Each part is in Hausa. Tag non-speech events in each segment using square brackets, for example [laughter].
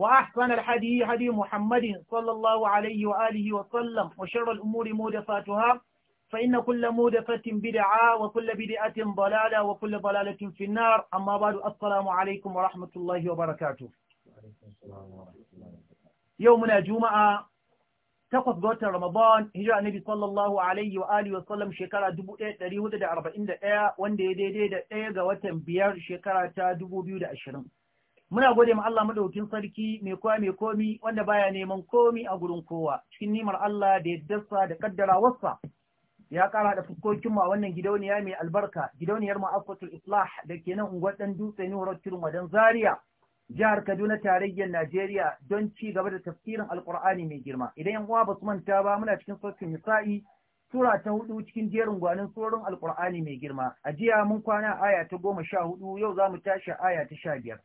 وأحسن الحديث حديث محمد صلى الله عليه وآله وسلم وشر الأمور مودفاتها فإن كل مودفة بدعة وكل بدعة ضلالة وكل ضلالة في النار أما بعد السلام عليكم ورحمة الله وبركاته يومنا جمعة takwas ga watan Ramadan, hijira Annabi sallallahu alaihi wa alihi wa sallam shekara 1441 wanda ya daidai da ɗaya ga watan biyar shekara ta 2020. muna gode ma Allah madaukin sarki mai kowa mai komi wanda baya neman komi a gurin kowa cikin nimar Allah da yaddarsa da kaddara wasa ya kara da fuskokin mu a wannan gidauniya mai albarka gidauniyar ma'afatul islah da ke nan unguwar dan dutse ne horar turin wadan zaria jihar kaduna tarayyar najeriya don ci gaba da tafsirin alkur'ani mai girma idan yan uwa ba su manta ba muna cikin sarkin nisa'i sura ta hudu cikin jerin gwanin tsoron alkur'ani mai girma a jiya mun kwana aya ta goma sha hudu yau za mu tashi aya ta sha biyar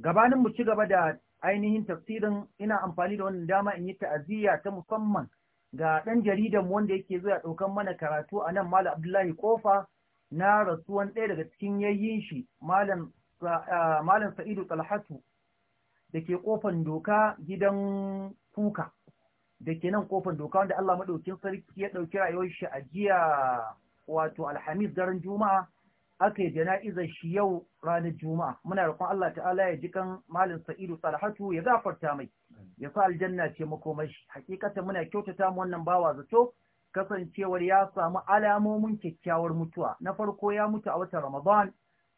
gabanin mu ci gaba da ainihin tafsirin ina amfani da wannan dama in yi ta'aziyya ta musamman ga ɗan jaridan wanda yake zuwa ɗaukan mana karatu a nan Malam Abdullahi Kofa na rasuwan ɗaya daga cikin yayin shi Malam Sa'idu Talhatu da ke ƙofan doka gidan kuka da ke nan ƙofan doka wanda Allah maɗaukin sarki ya ɗauki rayuwar shi a jiya wato Alhamis garin Juma'a aka yi jana'izar shi yau ranar juma'a muna roƙon Allah ta'ala ya ji kan malin sa'idu salhatu ya gafarta mai ya sa aljanna ce makomashi hakikatan muna kyautata mu wannan bawa zato kasancewar ya samu alamomin kyakkyawar mutuwa na farko ya mutu a watan ramadan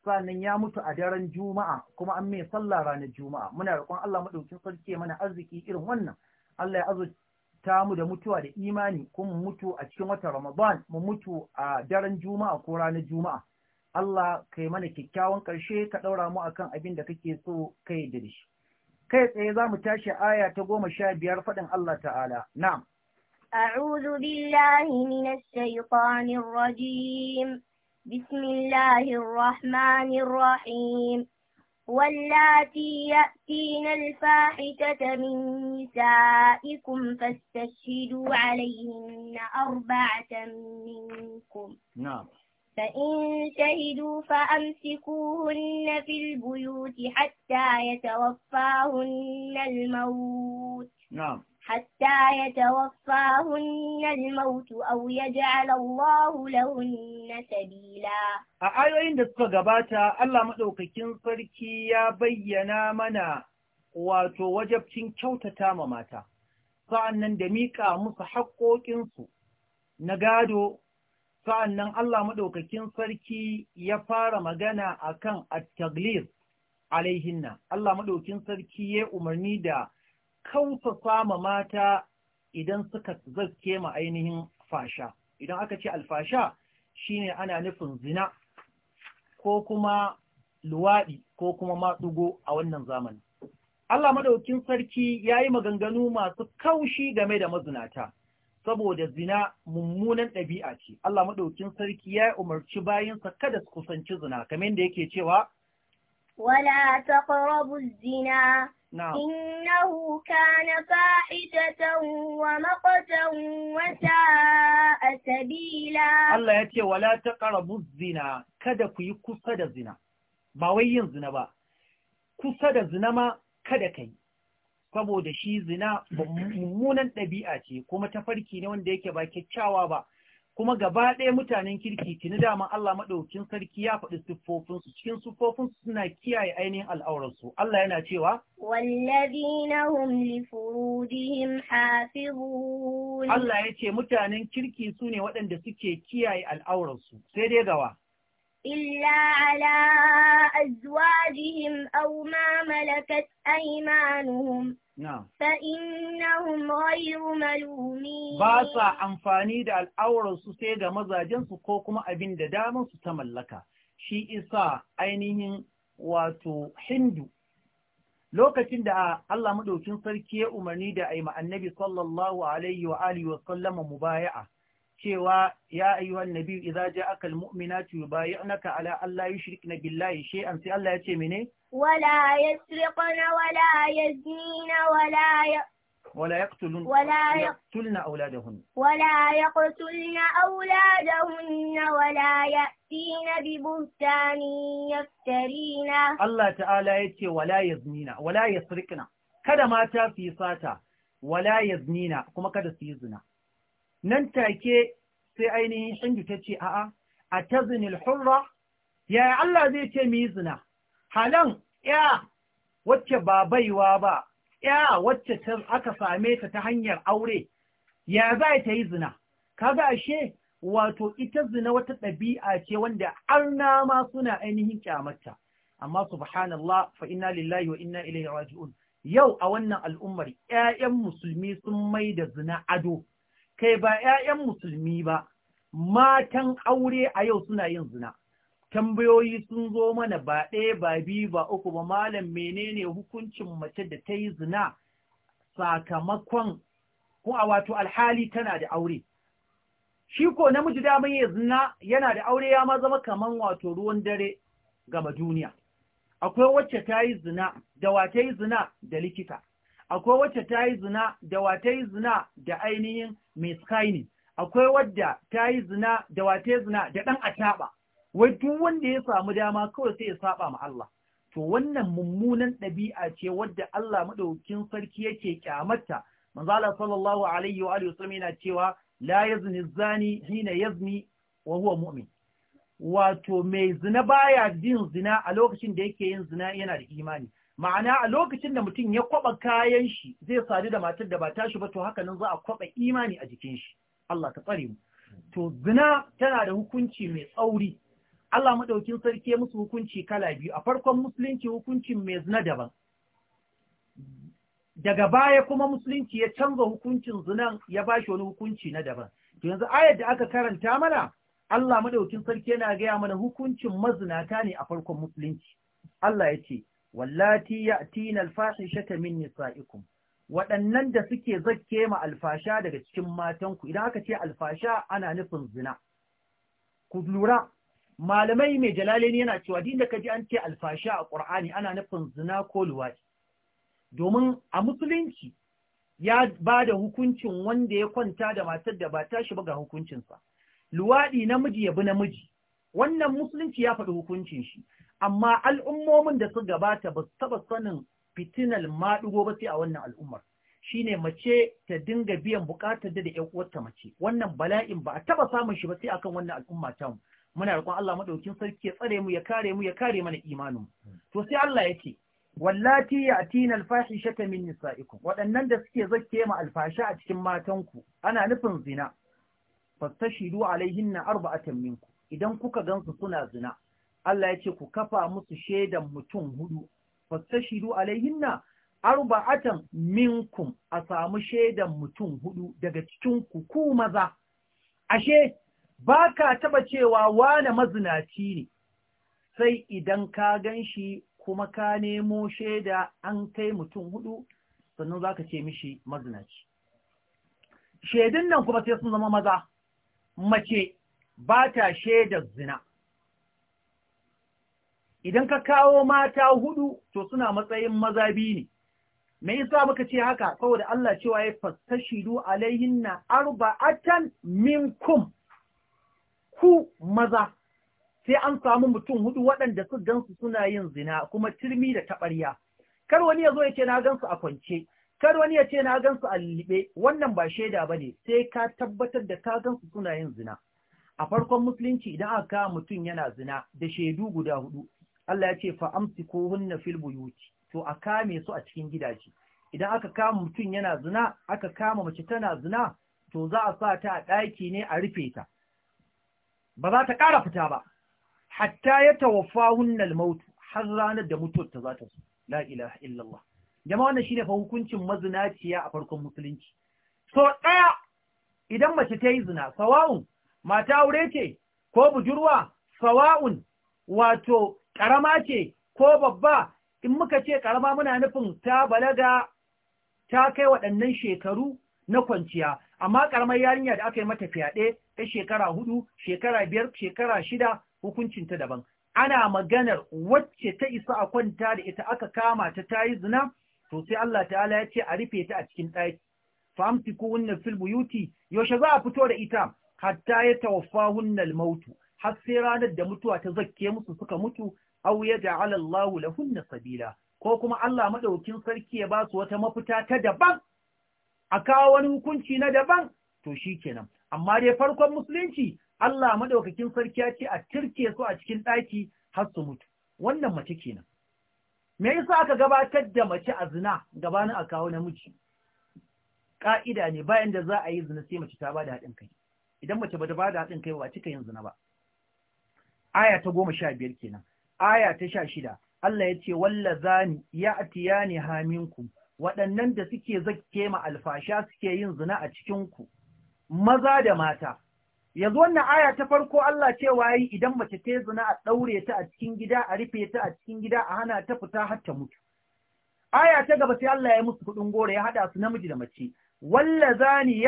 sannan ya mutu a daren juma'a kuma an mai sallah ranar juma'a muna roƙon Allah madaukin sarki mana arziki irin wannan Allah ya azurta mu da mutuwa da imani kuma mutu a cikin watan ramadan mu mutu a daren juma'a ko ranar juma'a Allah ka yi mana kyakkyawan ƙarshe ka ɗaura mu akan abin da kake so ka yi da shi. Kai tsaye za mu tashi aya ta goma sha biyar faɗin Allah ta'ala. Na'am. أعوذ بالله من الشيطان الرجيم بسم الله الرحمن الرحيم واللاتي يأتين الفاحشة من نسائكم فاستشهدوا عليهن أربعة منكم نعم فإن شهدوا فأمسكوهن في البيوت حتى يتوفاهن الموت نعم حتى يتوفاهن الموت أو يجعل الله لهن سبيلا a ayoyin da suka gabata Allah maɗaukakin sarki ya bayyana mana wato wajabcin kyautata ma mata, sa'an da miƙa musu haƙƙoƙinsu na gado sa'an nan Allah maɗaukakin sarki ya fara magana a kan attaglir alaihinna, Allah maɗaukin sarki ya umarni da kautasa sama mata idan suka zaske ma ainihin fasha. Idan aka ce alfasha shine ana nufin zina ko kuma luwaɗi ko kuma matsugo a wannan zamani. Allah maɗaukin sarki ya yi maganganu masu kaushi game da mazinata. saboda zina mummunan ɗabi'a ce Allah maɗaukin sarki ya umarci bayansa kada su kusanci zina kamar da yake cewa wala taqrabu zina innahu kana fahishatan wa maqtan wa sa'a sabila Allah ya ce wala taqrabu zina kada ku yi kusa da zina ba wai yin zina ba kusa da zina ma kada kai saboda shi zina mummunan ɗabi'a ce kuma ta farki ne wanda yake ba kyakkyawa ba kuma gaba ɗaya mutanen kirki tuni dama Allah maɗaukin sarki ya faɗi siffofinsu cikin siffofinsu suna kiyaye ainihin al'auransu, Allah yana cewa Allah ya ce mutanen kirki su ne waɗanda suke kiyaye al'auransu, sai dai gawa إلا على أزواجهم أو ما ملكت أيمانهم نعم فإنهم غير ملومين باسا أنفاني دا الأورا سيدا مزاجن سقوكما أبين دا داما ستملكا شي إسا أينهن واتو حندو lokacin da Allah madaukin sarki ya umarni da ayi annabi sallallahu alaihi wa alihi wa sallama mubaya'a cewa ya ayyuhan nabi idza ja'aka almu'minatu yubay'unaka ala alla yushrikna بالله shay'an sai Allah ya ce mene wala yasriquna wala yazina wala ولا يقتلون ولا يقتلن أولادهن ولا يقتلن أولادهن ولا يأتين ببهتان يفترين الله تعالى يتي ولا يزنينا ولا يسرقنا كذا مات في صاتا ولا يزنينا كما كذا سيزنا nan take sai ainihin shindu ta ce a'a a zinil hurra yaya Allah zai ce mu yi zina halan ya wacce ba baiwa ba ya wacce aka same ta ta hanyar aure ya za ta yi zina kaga ashe wato ita zina wata ɗabi'a ce wanda arna ma suna ainihin kyamata. amma subhanallah fa inna lillahi wa inna ilaihi raji'un yau a wannan al'ummar 'ya'yan musulmi sun mai da zina ado kai ba ‘ya'yan musulmi ba, matan aure a yau suna yin zina. Tambayoyi sun zo mana ba ɗaya ba biyu ba uku ba malam menene hukuncin mace da ta yi zina sakamakon ko a wato alhali tana da aure. Shi ko namiji damar ya zina yana da aure ya ma zama kaman wato ruwan dare gama duniya. Akwai wacce ta yi zina da wata yi zina da likita. Akwai wacce ta yi zina da wata yi zina da ainihin mai sky ne akwai wadda ta yi zina da wata zina da ɗan ataba wai duk wanda ya samu dama kawai sai ya saba ma Allah to wannan mummunan ɗabi'a ce wadda Allah maɗaukin sarki yake ƙyamata. manzo sallallahu alaihi wa alihi wasallam yana cewa la yazni zani hina yazni wa huwa mu'min wato mai zina baya jin zina a lokacin da yake yin zina yana da imani ma'ana a lokacin da mutum ya kwaba kayan shi zai sadu da matar da ba tashi ba to haka nan za a kwaba imani a jikin shi Allah ka tsare mu to zina tana da hukunci mai tsauri Allah madaukin sarki ya musu hukunci kala biyu a farkon musulunci hukuncin mai zina daban daga baya kuma musulunci ya canza hukuncin zina ya ba shi wani hukunci na daban to yanzu ayar da aka karanta mana Allah madaukin sarki yana gaya mana hukuncin mazinata ne a farkon musulunci Allah ya ce wallati ya'tina fahishata min nisa'ikum waɗannan da suke zakke ma alfasha daga cikin matanku idan aka ce alfasha ana nufin zina ku lura malamai mai ne yana cewa din da ka ji an ce alfasha a qur'ani ana nufin zina ko luwaɗi domin a musulunci ya ba da hukuncin wanda ya kwanta da matar da ba tashi ba ga hukuncinsa luwaɗi namiji ya bi namiji wannan musulunci ya faɗi hukuncin shi amma al'ummomin da su gabata ba su taba sanin fitinal maɗugo ba sai a wannan al'ummar shine mace ta dinga biyan bukatar da ƴan uwarta mace wannan bala'in ba a taba samun shi ba sai akan wannan al'umma ta muna roƙon Allah maɗaukin sarki ya tsare mu ya kare mu ya kare mana imanin to sai Allah ce. wallati ya'tina al-fahishata min nisa'ikum waɗannan da suke zakke ma alfasha a cikin matanku ana nufin zina fastashidu alaihinna arba'atan minku idan kuka gansu suna zina Allah ya ce ku kafa musu shaidan mutum hudu, fastashidu alaihinna arba'atan minkum a samu shaidan mutum hudu daga cikin ku maza. Ashe, ba ka taɓa cewa wane mazinaci ne, sai idan ka gan shi kuma ka nemo shaida an kai mutum hudu, sannan za ka ce mishi mazinaci. Shaidun nan kuma sai sun zama maza, mace ba ta shaidar zina. idan ka kawo mata hudu to suna matsayin maza biyu ne me yasa muka ce haka saboda Allah cewa ya fastashidu alaihinna arba'atan minkum ku maza sai an samu mutum hudu waɗanda su gansu suna yin zina kuma turmi da taɓarya kar wani ya zo ya ce na gansu a kwance kar wani ya ce na gansu a liɓe, wannan ba shaida ba ne sai ka tabbatar da ka gansu suna yin zina a farkon musulunci idan aka mutum yana zina da shaidu guda hudu Allah ya ce fa hunna fil buyuti to a kame su a cikin gidaje idan aka kama mutum yana zina aka kama mace tana zina to za a sa ta a ɗaki ne a rufe ta ba za ta ƙara fita ba hatta ya tawaffa hunnal mautu har ranar da mutuwar ta za ta su la ilaha illallah jama'a wannan shine fa hukuncin mazinaciya a farkon musulunci so ɗaya idan mace ta yi zina sawa'un mata aure ce ko budurwa sawa'un wato ƙarama ce ko babba in muka ce ƙarama muna nufin ta balaga ta kai waɗannan shekaru na kwanciya amma ƙaramar yarinya da aka yi mata fyaɗe ta shekara hudu shekara biyar shekara shida hukuncinta daban ana maganar wacce ta isa a kwanta da ita aka kama ta ta yi zina to sai Allah ta'ala ya ce a rufe ta a cikin ɗaki famti ko wannan fil buyuti yaushe za a fito da ita hatta ya tawaffa hunnal mautu har sai ranar da mutuwa ta zakke musu suka mutu aw yaj'al Allahu lahunna sabila ko kuma Allah madaukin sarki ya ba su wata mafita ta daban a kawo wani hukunci na daban to shikenan amma dai farkon musulunci Allah madaukakin sarki ya ce a tirke su a cikin ɗaki har su mutu wannan mace kenan me yasa aka gabatar da mace a zina gabanin a kawo namiji ka'ida ne bayan da za a yi zina sai mace ta bada haɗin kai idan mace bata bada haɗin kai ba cika yin zina ba aya ta goma sha biyar kenan aya ta sha shida Allah ya ce wallazani ne haminku waɗannan da suke zakke ma alfasha suke yin zina a cikinku, maza da mata yanzu wannan aya ta farko Allah cewa yi idan mace ta yi zina a ɗaure ta a cikin gida a rufe ta a cikin gida a hana ta fita har ta mutu aya ta gaba sai Allah ya musu kuɗin goro ya haɗa su namiji da mace wallazani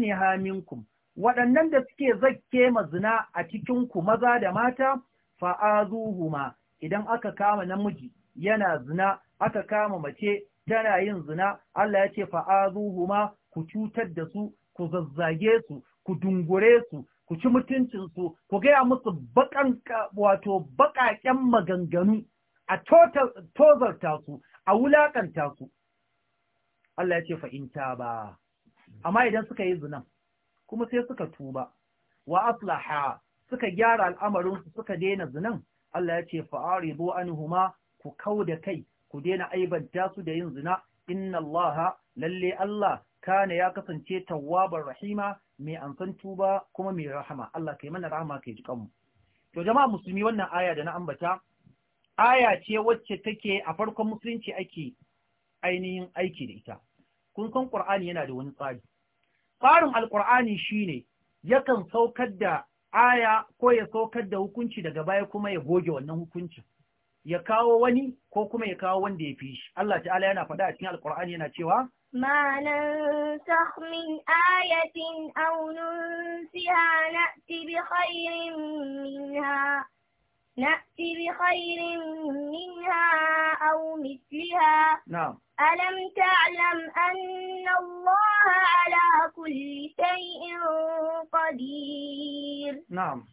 ne haminku, waɗannan da suke zakke ma zina a cikinku, maza da mata fa'azuhuma idan aka kama namiji yana zina aka kama mace tana yin zina Allah ya ce fa'azuhuma ku cutar da su ku zazzage su ku dungure su ku ci mutuncinsu ku gaya musu bakan wato bakaken maganganu a tozarta su a wulakanta su Allah ya ce fa'inta ba amma idan suka yi zina kuma sai suka tuba wa aslaha suka gyara al'amarinsu suka daina zinan Allah ya ce fa'aridu anuhuma ku kauda kai ku daina aibanta su da yin zina inna Allah lalle Allah kana ya kasance tawwabar rahima mai amsan tuba kuma mai rahama Allah kai mana rahama kai jikan to jama'a musulmi wannan aya da na ambata aya ce wacce take a farkon musulunci ake ainihin aiki da ita kun san Qur'ani yana da wani tsari tsarin shi shine yakan saukar da aya ko ya saukar da hukunci daga baya kuma ya goge wannan hukuncin ya kawo wani ko kuma ya kawo wanda ya fi shi Allah ta'ala yana faɗa a cikin Alƙur'ani yana cewa ما ayatin aw nunsiha na'ti bi khairin minha na'ti bi khairin minha aw mithliha na'am ألم تعلم أن الله على كل شيء قدير نعم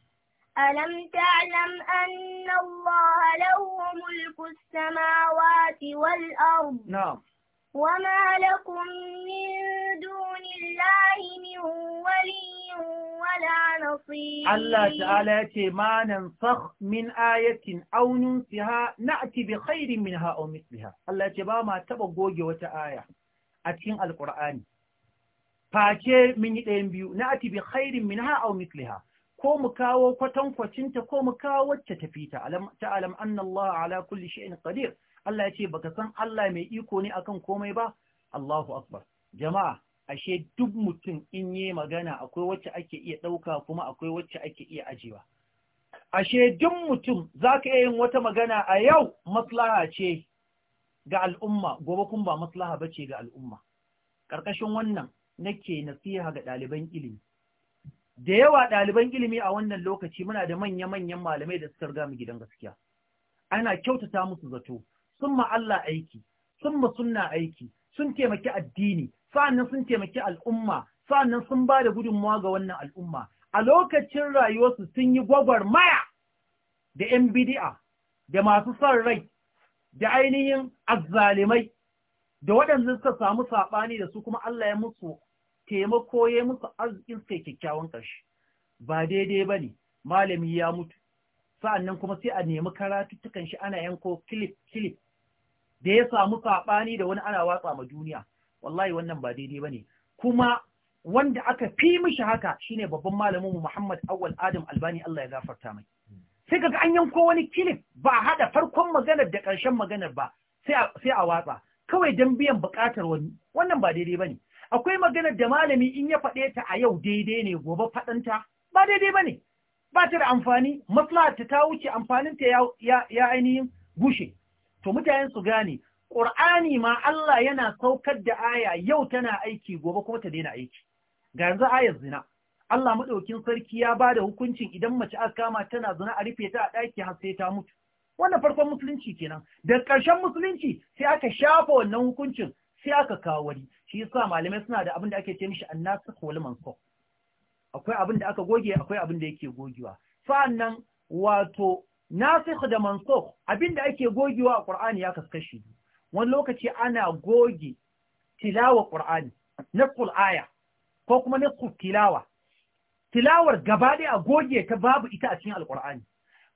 ألم تعلم أن الله له ملك السماوات والأرض نعم وما لكم من دون الله من ولي ولا نصير الله تعالى يتي ما ننسخ من آية أو ننسها نأتي بخير منها أو مثلها الله يتي ما تبقوج وتآية أتين القرآن face mun yi ɗayan biyu na ati bi khairin min ha au ko mu kawo kwatankwacinta ko mu kawo wacce tafi ta ta alam anna Allah ala kulli shay'in qadir Allah ya ce baka san Allah mai iko ne akan komai ba Allahu akbar jama'a ashe duk mutum in yi magana akwai wacce ake iya ɗauka kuma akwai wacce ake iya ajiwa. Ashe duk mutum za ka yin wata magana a yau maslaha ce ga al'umma, gobe kun ba maslaha ba ce ga al'umma. Ƙarƙashin wannan nake nasiha ga ɗaliban ilimi. Da yawa ɗaliban ilimi a wannan lokaci muna da manya-manyan malamai da suka riga mu gidan gaskiya. Ana kyautata musu zato, sun ma Allah aiki, sun ma sunna aiki, sun taimaki addini, sa'annan sun taimaki al'umma sa'annan sun ba da gudunmawa ga wannan al'umma a lokacin rayuwarsu sun yi gwagwar maya da ‘yan bidi'a da masu son rai da ainihin azzalimai da waɗanda suka samu saɓani da su kuma Allah ya musu taimako ya musu arzikin sai kyakkyawan ƙarshe ba daidai ba ne malami ya mutu sa'annan kuma sai a nemi karatuttukan shi ana yanko kilif kilif da ya samu saɓani da wani ana watsa ma duniya wallahi wannan ba daidai bane kuma wanda aka fi mishi haka shine babban malamin mu Muhammad Awwal Adam Albani Allah ya gafarta mai sai kaga an yanko wani kilif ba hada farkon maganar da ƙarshen maganar ba sai a watsa kawai dan biyan buƙatar wani wannan ba daidai bane akwai maganar da malami in ya faɗe ta a yau daidai ne gobe faɗanta ba daidai bane ba ta da amfani maslahar ta ta wuce amfanin ta ya ainihin gushe to mutayen su gane Ƙur'ani ma Allah yana saukar da aya yau tana aiki gobe kuma ta daina aiki. Ga yanzu ayar zina. Allah madaukin sarki ya bada da hukuncin idan mace aka kama tana zina a rufe ta a ɗaki har sai ta mutu. Wannan farkon musulunci kenan. Da ƙarshen musulunci sai aka shafa wannan hukuncin sai aka kawo wani. Shi yasa malamai suna da abin da ake ce mishi annasu liman mansukh. Akwai abin da aka goge akwai abin da yake gogewa. Sa'annan wato nasikh da mansukh abin da ake gogewa a Qur'ani ya kaskashi wani lokaci ana goge tilawar ƙur'ani na aya ko kuma na tilawa tilawar gaba ɗaya a goge ta babu ita a cikin alƙur'ani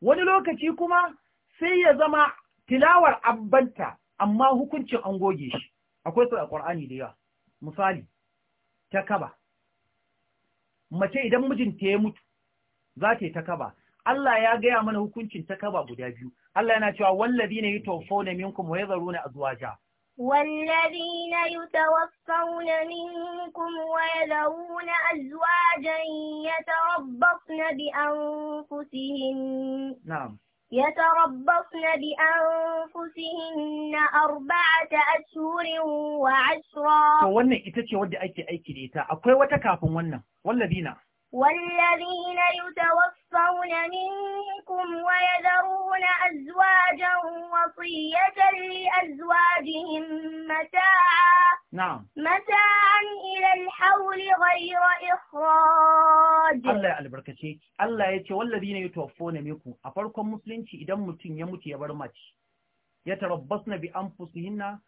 wani lokaci kuma sai ya zama tilawar abbanta amma hukuncin an goge shi akwai su alƙur'ani da yawa misali ta kaba mace idan mijinta ya mutu za ta yi ta kaba Allah ya gaya mana hukuncin takaba guda biyu Allah yana cewa wallazina yatawaffawna minkum wa yadharuna azwaja والذين ya منكم na أزواجا يتربصن بأنفسهن نعم يتربصن بأنفسهن أربعة wa وعشرا to wannan ita ce wadda ake aiki da ita akwai wata kafin wannan wallazina والذين يتوفون منكم ويذرون أزواجا وصية لأزواجهم متاعا نعم متاعا إلى الحول غير إخراج الله يعلم بركتي الله يتي والذين يتوفون منكم أفركم مسلمين إذا متين يموت يبرمتي يتربصن بأنفسهن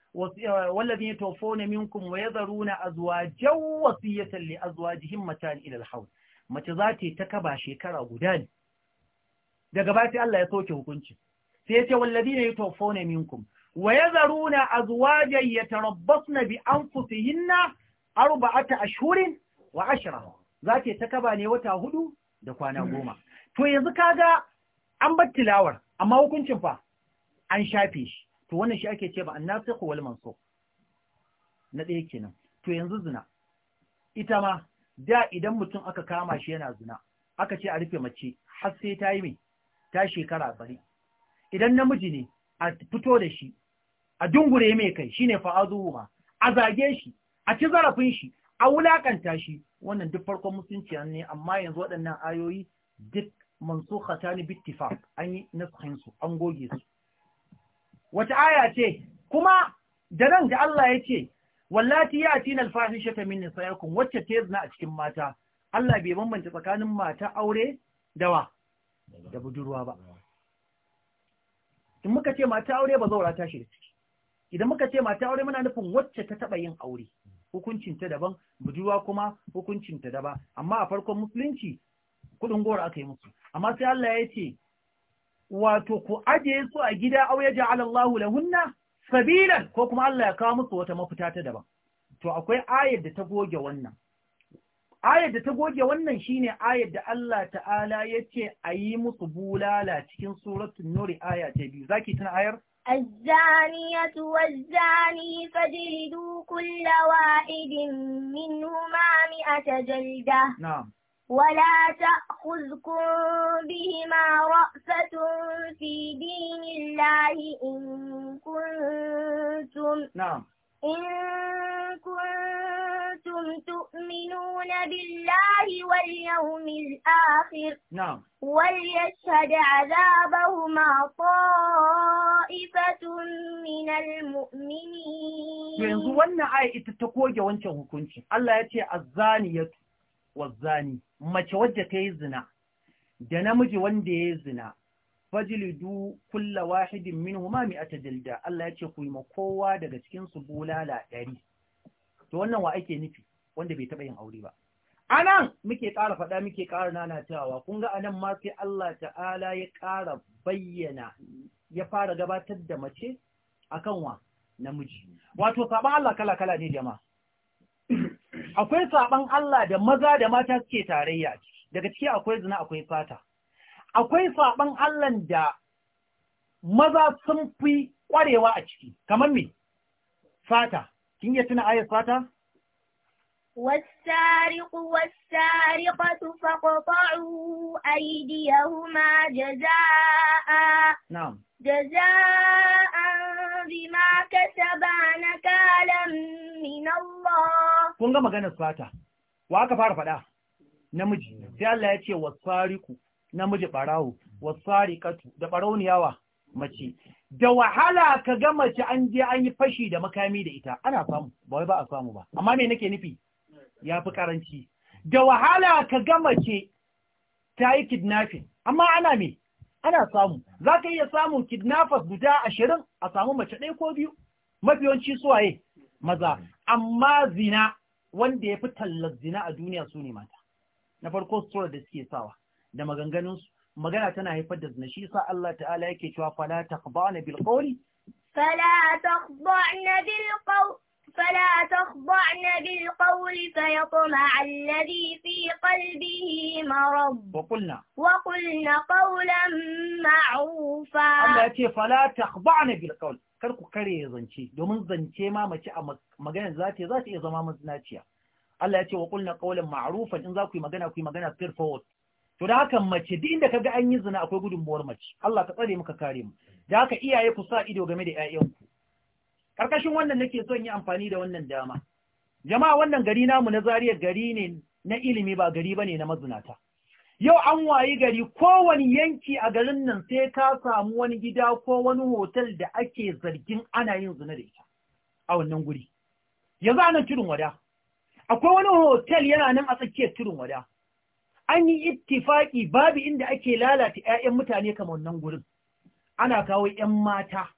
والذين يتوفون منكم ويذرون أزواجا وصية لأزواجهم متاعا إلى الحول mace za ta yi ta kaba shekara guda ne daga ba sai Allah ya soke hukunci sai ya ce wallazina yatawaffawna minkum wa yazaruna rabbas na bi an anfusihinna ta ashirin, wa ashirin. za ta yi ta kaba ne wata hudu da kwana hmm. goma to yanzu kaga an bar tilawar amma hukuncin fa an shafe shi to wannan shi ake ce ba an sai wal mansukh na ɗaya kenan to yanzu zina ita ma da idan mutum aka kama shi yana zina aka ce a rufe mace har sai ta yi mai ta shekara bari idan namiji ne a fito da shi a dungure mai kai shine fa'azuhuma a zage shi a ci zarafin shi a wulakanta shi wannan duk farkon musulunci ne amma yanzu waɗannan ayoyi duk mansukhata ni bittifaq an yi nasahin su an goge su wata aya ce kuma da nan da Allah ya ce wallati ya yatina alfahishata min nisaikum wacce ta zina a cikin mata Allah bai bambanta tsakanin mata aure da wa da budurwa ba in muka ce mata aure ba zaura ta shi ciki idan muka ce mata aure muna nufin wacce ta taba yin aure hukuncin ta daban budurwa kuma hukuncin ta daban amma a farkon musulunci kudin gora aka yi musu amma sai Allah ya ce wato ku aje su a gida aure ya lahunna sabilan ko kuma Allah ya kawo musu wata mafita ta daban to akwai ayar da ta goge wannan ayar da ta goge wannan shine ayar da Allah ta'ala ya a ayi musu bulala cikin suratul nur aya ta biyu zaki tuna ayar الزانية والزاني فجلدوا كل واحد منهما مئة جلدة نعم ولا تأخذكم بهما رأفة في دين الله إن كنتم نعم إن كنتم تؤمنون بالله واليوم الآخر نعم وليشهد عذابهما طائفة من المؤمنين. يعني وانا آية تتقوى وانشا هكونش الله يتي الزانية wazzani mace wadda ta yi zina da namiji wanda ya yi zina fajilidu kulla wahidin min minhuma ta jalda Allah ya ce ku yi ma kowa daga cikin su bulala ɗari to wannan wa ake nufi wanda bai taɓa yin aure ba anan muke ƙara faɗa muke ƙara nanatawa kun ga anan ma sai Allah ta'ala ya ƙara bayyana ya fara gabatar da mace akan wa namiji wato saban Allah kala kala ne jama'a akwai saban Allah da maza da mata suke tarayya daga ciki akwai zina akwai fata akwai saban Allah da maza sun fi kwarewa a ciki kamar me fata kin iya tuna ayat fata والسارق والسارقة فقطعوا أيديهما جزاء نعم جزاء بما كسبا نكالا من الله kun ga maganar fata? wa aka fara faɗa namiji sai Allah ya ce wasariku namiji barawo wasarikatu da barauniyawa mace da wahala ka ga mace an je an yi fashi da makami da ita ana samu ba wai ba a samu ba amma me nake nufi ya fi karanci da wahala ka ga mace ta yi kidnapping amma ana me ana samu za ka iya samun kidnafas guda ashirin a samu mace ɗaya ko biyu mafiyanci suwaye maza amma zina wanda ya fi tallar zina a duniya su ne mata na farko sutura da suke sawa da maganganunsu magana tana haifar da zina shi sa Allah ta'ala yake cewa fala taqba'na bil qawli fala taqba'na bil qawli فلا تخضعن بالقول فيطمع الذي في قلبه مرض وقلنا وقلنا قولا معروفا الله فلا تخضعن بالقول kar ku ya zance domin zance ma mace a maganar za ta za ta iya zama mazinaciya Allah ya ce wa qulna qawlan ma'rufan in za ku yi magana ku yi magana fair forward to da haka mace duk inda kaga an yi zina akwai gudunmuwar mace Allah ka tsare muka kare mu da haka iyaye ku sa ido game da ƴaƴanku Karkashin wannan nake son yi amfani da wannan dama. Jama'a wannan gari namu na Zariya gari ne na ilimi ba gari bane na mazunata. Yau an wayi gari wani yanki a garin nan sai ka samu wani gida ko wani hotel da ake zargin ana yin zina da ita a wannan guri. Yanzu nan tudun wada. Akwai wani hotel yana nan a tsakiyar tudun wada. An yi ittifaki babu inda ake lalata 'ya'yan mutane kamar wannan gurin. Ana kawo 'yan mata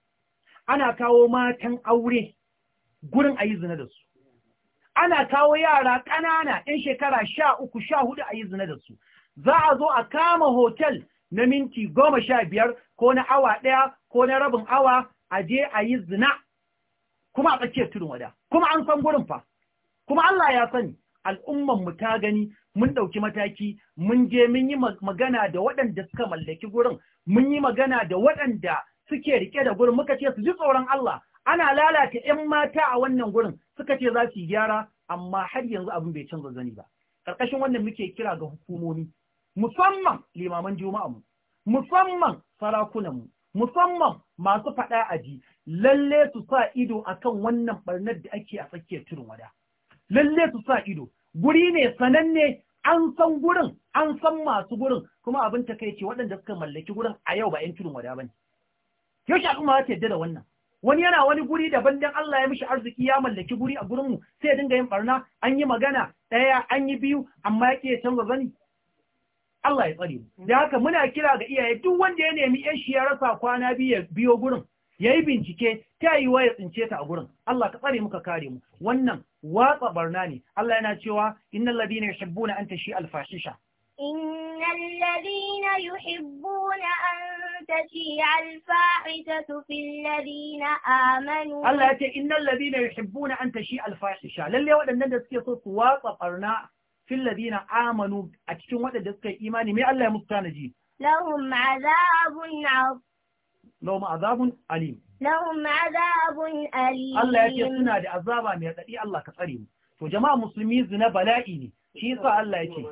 ana kawo matan aure gurin a yi zina da su ana kawo yara ƙanana 'yan shekara sha uku sha hudu a yi zina da su za a zo a kama hotel na minti goma sha biyar ko na awa ɗaya ko na rabin awa a je a yi zina kuma a tsakiyar tudun wada kuma an san gurin fa kuma Allah ya sani al'umman mu ta gani mun ɗauki mataki mun je mun yi magana da waɗanda suka mallaki gurin mun yi magana da waɗanda suke rike da gurin muka ce su ji tsoron Allah ana lalata ‘yan mata a wannan gurin suka ce za su yi gyara amma har yanzu abin bai canza zani ba. Ƙarƙashin wannan muke kira ga hukumomi, musamman limaman juma'a mu, musamman mu, musamman masu faɗa aji, lalle su sa ido akan wannan ɓarnar da ake a tsakiyar turin wada. Lalle su sa ido, guri ne sananne an san gurin, an san masu gurin, kuma abin takaici waɗanda suka mallaki gurin a yau ba ‘yan turin wada ba ne. yau shi al'umma ta yadda da wannan wani yana wani guri daban dan Allah ya mishi arziki ya mallaki guri a gurin mu sai ya dinga yin barna an yi magana ɗaya, an yi biyu amma yake ya canza zani Allah ya tsare mu da haka muna kira ga iyaye duk wanda ya nemi yan shi ya rasa kwana biyu biyo gurin yayi bincike ta yi wa ya tsince ta a gurin Allah ka tsare ka kare mu wannan watsa barna ne Allah yana cewa innal ladina yuhibbuna an tashi al-fahisha innal ladina yuhibbuna an تشيع الفاحشة في الذين آمنوا الله يأتي إن الذين يحبون أن تشيع الفاحشة للي وقت أن نسكي صوت وطفرنا في الذين آمنوا أتشون وقت نسكي إيماني مي الله يمتان جي لهم عذاب عظيم لهم عذاب أليم لهم عذاب أليم الله يأتي سنة عذابا ميتأتي الله كفريم to jama'a musulmi zina bala'i ne shi yasa Allah yake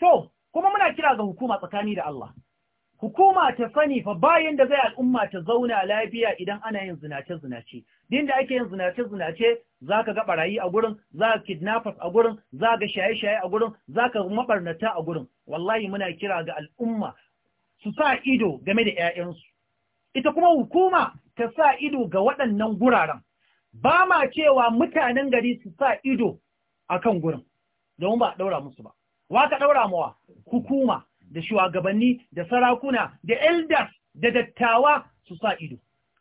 to kuma muna kira ga hukuma tsakani da Allah hukuma ta sani fa bayan da zai al'umma ta zauna lafiya idan ana yin zinace-zinace din da ake yin zinace-zinace za ka ga barayi a gurin za ka kidnappers a gurin za ka shaye-shaye a gurin za ka mabarnata a gurin wallahi muna kira ga al'umma su sa ido game da 'ya'yansu ita kuma hukuma ta sa ido ga waɗannan guraren ba ma cewa mutanen gari su sa ido a kan gurin domin ba a ɗaura musu ba wa ka ɗaura mawa hukuma da shugabanni da sarakuna da elders da dattawa su sa ido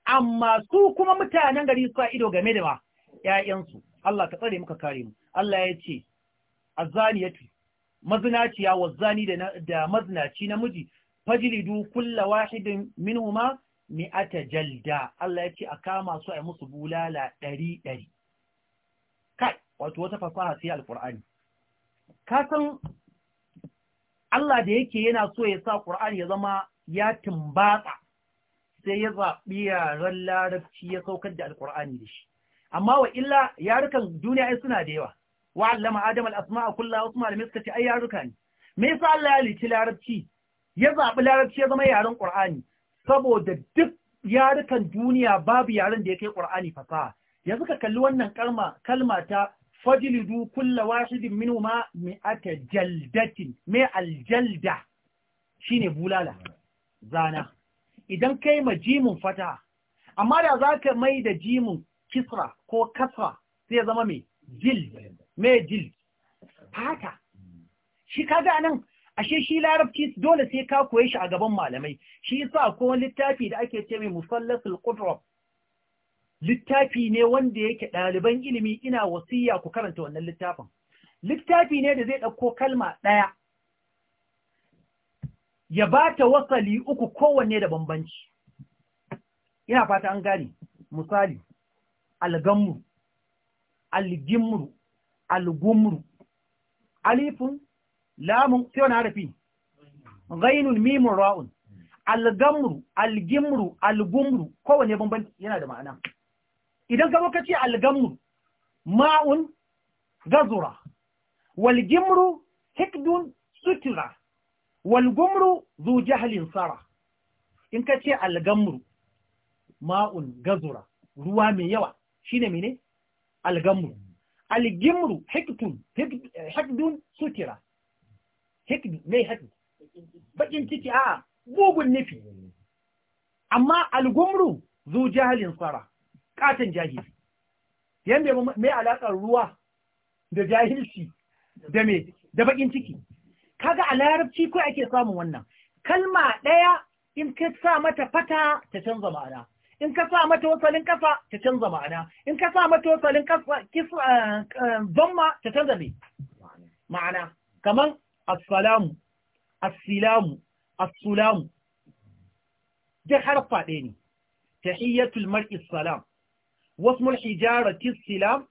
amma su kuma mutanen gari su sa ido game da ba ƴaƴansu Allah ka tsare muka kare mu Allah ya ce azaniyatu mazinaciya wazani da da mazinaci namiji fajlidu kulla wahidin minhuma mi'ata jalda Allah ya ce a kama su a musu bulala ɗari ɗari kai wato wata fasaha sai alqur'ani ka san Allah da yake yana so ya sa ƙur'ani ya zama ya timbatsa, sai ya zaɓi yaren larabci ya saukar da alƙur'ani da shi amma wa illa yarukan duniya ai suna da yawa wa allama adam al-asma'a kullaha wasu malamai suka ai yaruka ne me yasa Allah ya lici larabci ya zaɓi larabci ya zama yaren ƙur'ani? saboda duk yarukan duniya babu yaren da ya kai ƙur'ani fasaha yanzu ka kalli wannan kalma kalma ta fajlidu kulla wahidin mi aka jaldatin me aljalda shine bulala zana idan kai ma jimin fata amma da za zaka mai da jimin kisra ko kasra sai zama me jil me jil fata shi kaga nan. ashe shi larabci dole sai ka koye shi a gaban malamai shi yasa ko littafi da ake ce mai musallasul qudrah littafi ne wanda yake ɗaliban ilimi ina wasiya ku karanta wannan littafin littafi ne da zai ɗauko kalma ɗaya ya ba ta wasali uku kowanne da bambanci ina fata an gane misali algamru algimru algumru alifun lamun sai wani harafi gainun mimun ra'un algamru algimru algumru kowanne bambanci yana da ma'ana idan gaba ka ce algamu ma'un gazura walgimru hikdun sutura walgumru zu jahalin tsara in ka ce algamru ma'un gazura ruwa mai yawa shine mene algamru algimru hikdun sutura hikdun mai hikdun bakin ciki a bugun nufi amma algumru zu jahalin tsara katon jahili yanda mai alaƙar ruwa da jahilci da mai, da bakin ciki kaga a larabci ko ake samun wannan kalma ɗaya in ka sa mata fata ta canza ma'ana in ka sa mata wasalin ƙasa ta canza ma'ana in ka sa mata wasalin kasa eh, zamma ta canza mai. ma'ana kaman assalamu assilamu assulamu duk harfa ɗaya ne tahiyyatul mar'i salam واسم الحجارة السلام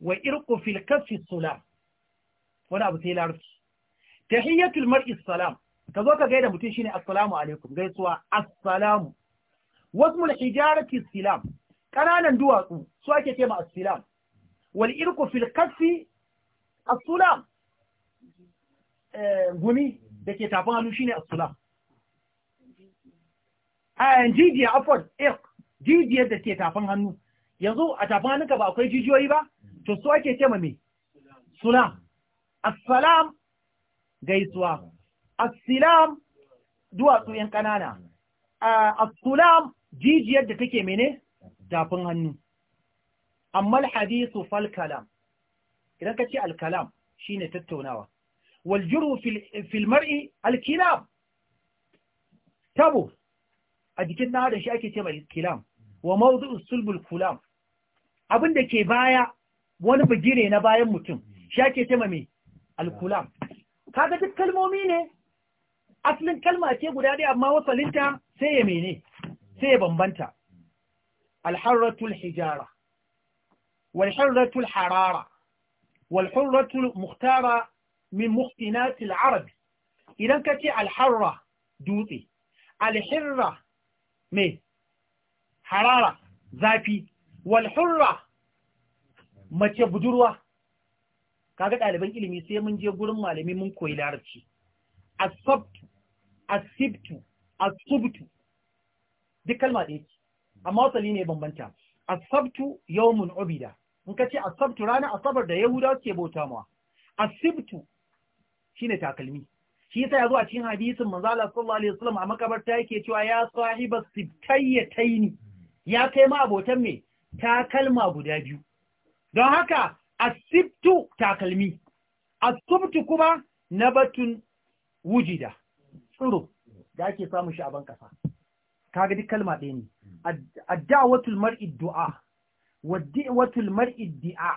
وإرق في الكف السلام ولا أبو سيلا رفش تحية المرء السلام كذوك غير متشيني السلام عليكم غير سوى السلام واسم الحجارة السلام كان ندوى سوى كتما السلام والإرق في الكف السلام gumi da ke tafin hannu shine as-sulam a jijiyar afon ik jijiyar da yanzu a tafin hannunka ba akwai jijiyoyi ba to su ake ce ma me assalam gaisuwa assilam duwatsu yan ƙanana. assalam jijiyar da take mene tafin hannu amma alhadithu su Falkalam, idan ka ce alkalam shi ne tattaunawa wal filmar'i alkilam tabo a jikin na da shi ake ce mai kilam wa mawdu'us sulbul kulam abin da ke baya wani bigire na bayan mutum Sha ke tema mai alkulam kaga duk kalmomi ne asalin kalma ce guda ɗaya amma wasalinta sai ya mene sai ya bambanta alharratul hijara walharratul harara walharratul muhtara min muhtinatil arabi idan ka ce alharra dutse alhirra mai harara zafi walhurra mace budurwa kaga ɗaliban ilimi sai mun je gurin malami mun koyi larabci asabtu asibtu asubtu duk kalma ɗaya ce amma wasali ne bambanta asabtu yawmun ubida in ka ce asabtu ranar asabar da yahuda ke bauta mawa asibtu shine takalmi shi yasa zo a cikin hadisin manzo Allah sallallahu alaihi wasallam a makabarta yake cewa ya sahiba taini ya kai ma abotan me takalma guda biyu don haka asibtu takalmi asibtu kuma na batun wujida tsiro da ake samun shi a ban kasa kaga duk kalma ɗaya ne addawatul mar'i du'a waddi'watul mar'i di'a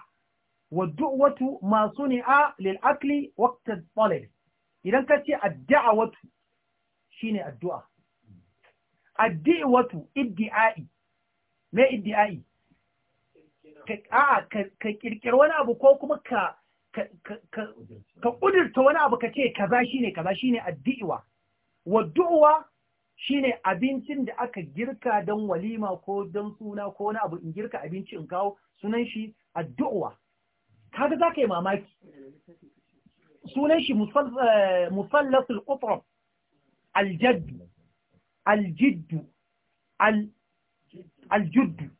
waddu'watu ma suni'a lil akli waqta talab idan ka ce shi ne addu'a addi'watu iddi'ai me iddi'ai a'a ka kirkir wani abu ko kuma ka ka kudurta wani abu ka ce kaza shine kaza shine addu'a wa shine abincin da aka girka don walima ko don suna ko wani abu in girka abinci in kawo sunan shi addu'a kaga zaka yi mamaki sunan shi eh, musallasul qutrab aljadd aljidd aljudd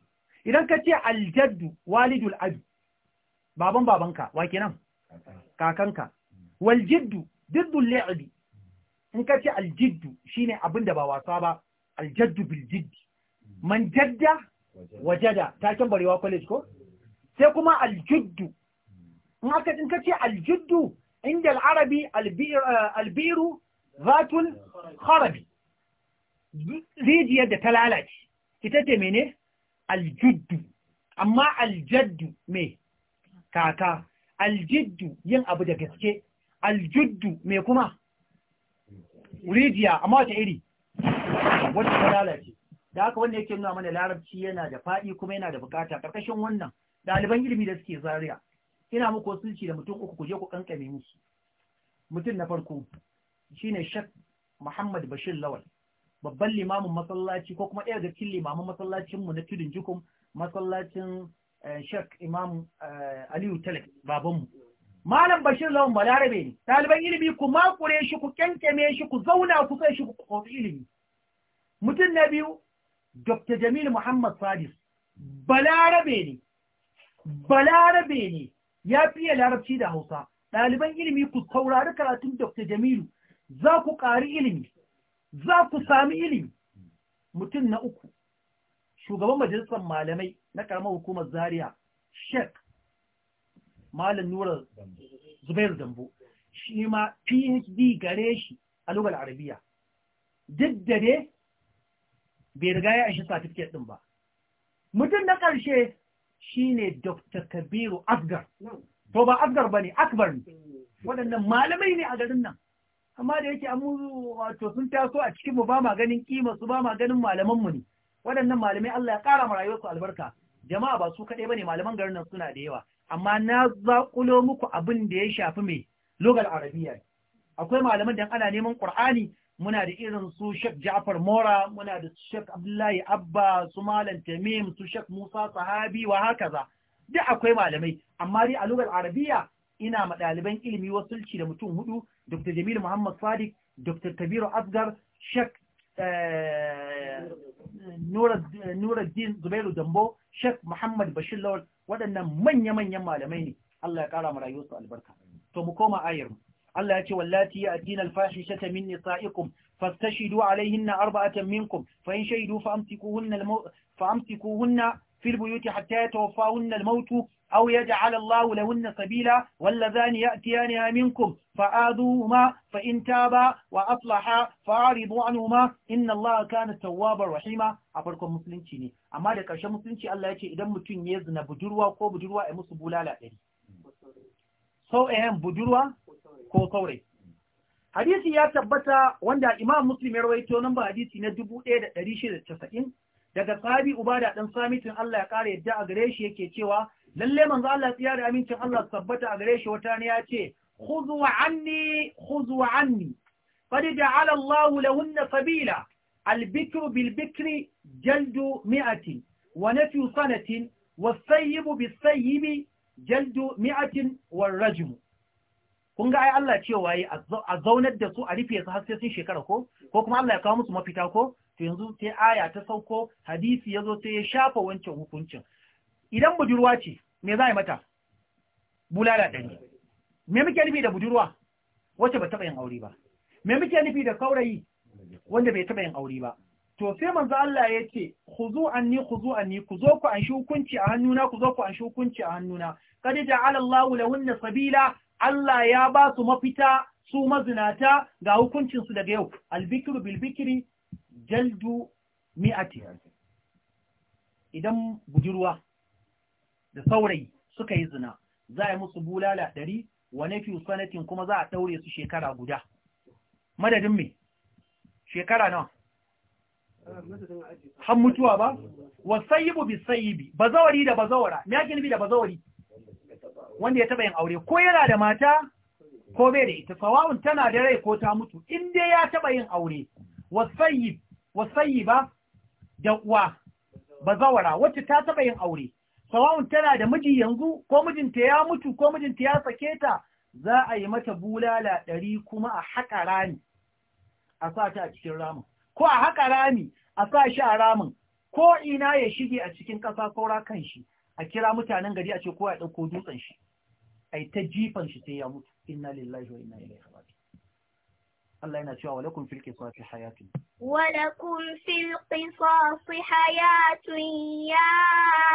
idan ka ce aljaddu walidul abi baban babanka wa kenan kakanka waljiddu jiddu diddul li'bi in ka ce aljiddu shine abin da ba wasa ba aljaddu bil jiddi man jadda wajada taken barewa college ko sai kuma aljiddu in aka in ka ce aljiddu inda albiru zatul kharabi rijiyar da ta lalace ita ce mene aljiddu amma aljaddu me kaka aljiddu yin abu da gaske aljiddu me kuma rijiya amma wata iri wata ta lalace da haka wanda yake nuna mana larabci yana da faɗi kuma yana da bukata karkashin wannan ɗaliban ilimi da suke zariya ina muku wasu da mutum uku kuje ku kankame musu mutum na farko shine shak muhammad bashir lawal babban limamin masallaci ko kuma ɗaya da cikin limamin masallacin mu na tudun jukum masallacin eh, shek imam eh, aliyu talak babanmu malam bashir lawan balarabe ne ɗaliban ilimi ku makure shi ku kyankyame shi ku zauna ku kai shi ku kofi ilimi mutum na biyu dr jamil muhammad sadis balarabe ne balarabe ne ya fiye larabci da hausa ɗaliban ilimi ku saurari karatun dr jamilu za ku ƙari ilimi za ku sami ilimi mutum na uku shugaban majalisar malamai na karamar hukumar zaria sheik malam nura zubair dambo shi ma phd gare shi a lugar arabiya duk da dai bai riga ya ishi certificate din ba mutum na ƙarshe shine dr kabiru asgar to ba asgar ba ne akbar ne waɗannan malamai ne a garin nan amma da yake an wato sun taso a cikin mu ba ma ganin kima su ba ma ganin malaman mu ne waɗannan malamai Allah ya ƙara mu rayuwar su albarka jama'a ba su kaɗai bane malaman garin nan suna da yawa amma na zaƙulo muku abin da ya shafi mai logal arabiya akwai malaman da ana neman qur'ani muna da irin su Sheikh Ja'far Mora muna da Sheikh Abdullahi Abba su Malam Tamim su Sheikh Musa Sahabi wa hakaza duk akwai malamai amma dai a lugar Arabiya ina ma ɗaliban ilimi wasulci da mutum hudu Dr. Jamilu Muhammad Sadiq, Dr. Kabiru Asgar, Sheikh eh, Nuruddin Zubairu Dambo, Sheikh Muhammad Bashir Lawal waɗannan manya-manyan malamai ne Allah ya ƙara rayuwarsu albarka. To mu koma ayar Allah ya ce wallati ya atina alfahishata min nisa'ikum fastashidu alaihinna arba'atan minkum fa in shahidu fa amsikuhunna fa amsikuhunna fil buyuti hatta yatawaffahunna al-mautu أو يجعل الله لهن سبيلا واللذان يأتيانها منكم فآذوهما فإن تابا وأصلحا فأعرضوا عنهما إن الله كان توابا رحيما أفركم مسلمتي ne. أما da ƙarshen musulunci Allah ya ce idan mutum ya zina budurwa ko budurwa ya musu bulala ɗari. Sau ehem budurwa ko saurayi. Hadisi ya tabbata wanda Imam Muslim ya rawaito nan ba hadisi na 1690 daga sahabi Ubada dan Samitin Allah ya ƙara yadda a gare shi yake cewa lalle manzo Allah tsiya da amincin Allah tabbata a gare shi wata ne ya ce khudhu anni khudhu anni qad ja'ala Allah lahunna sabila al-bikru bil-bikri jaldu mi'atin wa nafyu sanatin was-sayyibu bis-sayyibi jaldu mi'atin war-rajmu kun ga ai Allah cewa yi a zaunar da su a rufe su har sun shekara ko ko kuma Allah ya kawo musu mafita ko to yanzu sai aya ta sauko hadisi yazo sai ya shafa wancan hukuncin idan budurwa ce me za a yi mata bulala ɗari me muke nufi da budurwa wacce ba taɓa yin aure ba me muke nufi da kaurayi wanda bai taɓa yin aure ba to sai manzo Allah ya ce ku anni khuzu anni ku zo ku an hukunci a hannuna ku zo ku an hukunci a hannuna qad ja'ala Allahu lahunna sabila Allah ya ba su mafita su mazinata ga hukuncin su daga yau albikru bil bikri jaldu mi'ati idan budurwa da saurayi suka yi zina za a yi musu bulala ɗari wa nafi sanatin kuma za a ɗaure su shekara guda madadin me shekara nawa har mutuwa ba wa sayyibu bi bi. bazawari da bazawara me yake nufi da bazawari wanda ya taba yin aure ko yana da mata ko bai da ita fawawun tana da rai ko ta mutu in dai ya taba yin aure wa sayyib wa sayyiba da uwa bazawara wacce ta taba yin aure sawa'un tana da miji yanzu ko mijinta ya mutu ko mijinta ya sake ta za a yi mata bulala ɗari kuma a haƙa rami a sa ta a cikin ramin ko a haƙa rami a sa shi a ramin ko ina ya shige a cikin ƙasa saura kan shi a kira mutanen gari a ce ko ya ɗauko dutsen shi ai ta jifan shi sai ya mutu inna lillahi wa inna ilaihi Allah yana cewa walakum fil qisasi hayatun walakum fil qisasi hayatun ya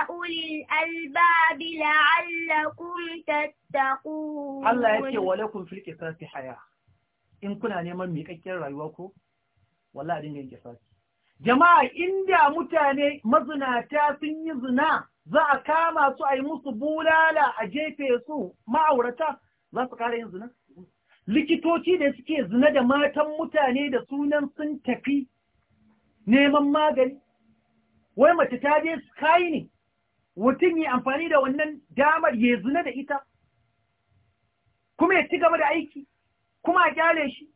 ulil albabi la'allakum tattaqun Allah yake 'Walakun fil qisasi haya in kuna neman miƙaƙƙiyar rayuwa ko wallahi dinga yin qisasi jama'a inda mutane mazinata sun yi zina za a kama su a yi musu bulala a jefe su ma'aurata za su ƙara yin zina likitoci da suke zina da matan mutane da sunan sun tafi neman magani wai mace ta je sky ne mutum yi amfani da wannan damar ya zina da ita kuma ya ci gaba da aiki kuma a kyale shi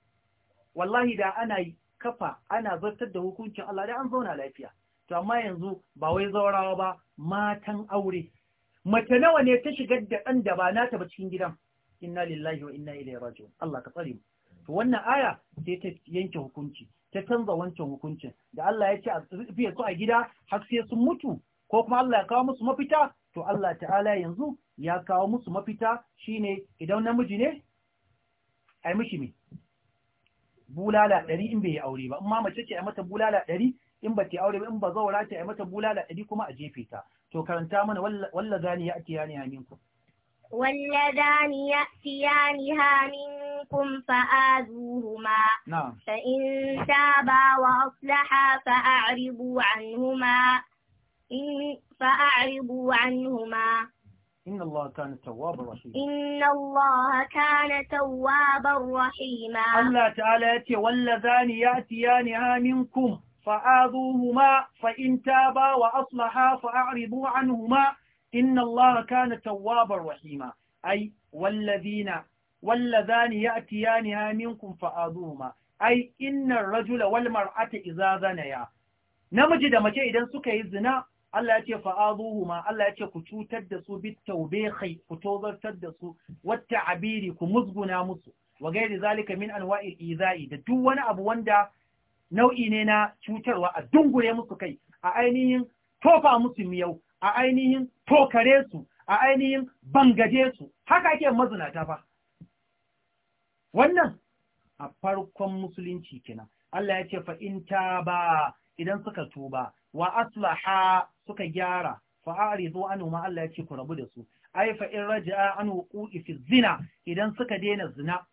wallahi da ana yi kafa ana zartar da hukuncin Allah da an zauna lafiya to amma yanzu ba wai zaurawa ba matan aure mace nawa ne ta shigar da ɗan da ba nata ba cikin gidan inna lillahi wa inna ilaihi raji'un Allah ka tsare to wannan aya sai ta yanke hukunci ta canza wancan hukuncin da Allah ya ce a rufe su a gida har sai sun mutu ko kuma Allah ya kawo musu mafita to Allah ta'ala yanzu ya kawo musu mafita shine idan namiji ne ai mishi me bulala ɗari in bai aure ba amma mace ce ai mata bulala ɗari in ba ta aure ba in ba zaura ta ai mata bulala ɗari kuma a jefe ta to karanta mana walla zani ya ati yani aminku واللذان يأتيانها منكم فآذوهما نعم فإن تابا وأصلحا فأعرضوا عنهما إن فأعرضوا عنهما إن الله كان توابا رحيما إن الله كان توابا رحيما الله تعالى يأتي واللذان يأتيانها منكم فآذوهما فإن تابا وأصلحا فأعرضوا عنهما إن الله كان توابا رحيما أي والذين واللذان يأتيانها منكم فآذوهما أي إن الرجل والمرأة إذا زنيا namiji da mace idan suka yi zina Allah ya ce fa'azuhuma Allah ya ce ku cutar da su bit tawbihi ku tozartar da su wata abiri ku musguna musu wa gairi zalika min anwa'il iza'i da duk wani abu wanda nau'i ne na cutarwa a dungure musu kai a ainihin tofa musu miyau a ainihin tokare su a ainihin bangaje su haka ake mazinata ba. wannan a farkon musulunci kenan Allah ya ce fa in ba idan suka tuba wa aslaha suka gyara fa aridu anhu ma Allah ya ce ku rabu da su ai fa in raja'a an wuqu'i fi zina idan suka daina zina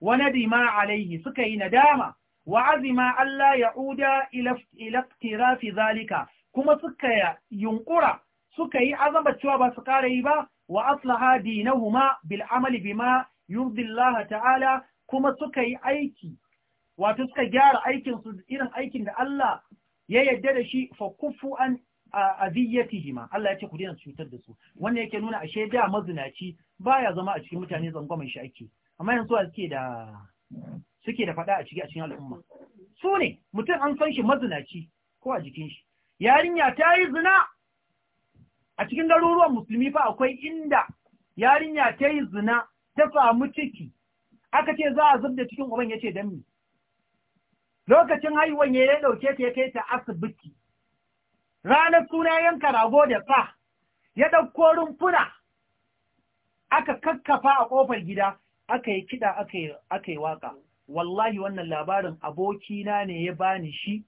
wa nadima alaihi suka yi nadama wa azima Allah ya'uda ila ila iktirafi zalika kuma suka yunkura suka yi azamar cewa ba su kare yi ba wa aslaha dinahuma bil amali bima yurdi ta'ala kuma suka yi aiki wato suka gyara aikin su irin aikin da Allah ya yarda da shi fa kufu an aziyatihima Allah ya ce ku daina cutar da su wannan yake nuna ashe da mazinaci baya zama a cikin mutane zangwamen shi ake amma yanzu a suke da suke da fada a cikin a cikin al'umma su ne mutum an san shi mazinaci ko a jikin shi yarinya ta yi zina a cikin garuruwan musulmi fa akwai inda yarinya ta yi zina ta samu ciki aka ce za a zub da cikin uban ya ce dan mi lokacin haihuwan ya ɗauke ta ya kai ta asibiti ranar suna yanka rago da sa ya ɗauko rumfuna aka kakkafa a ƙofar gida aka yi kiɗa aka yi waƙa wallahi wannan labarin abokina ne ya bani shi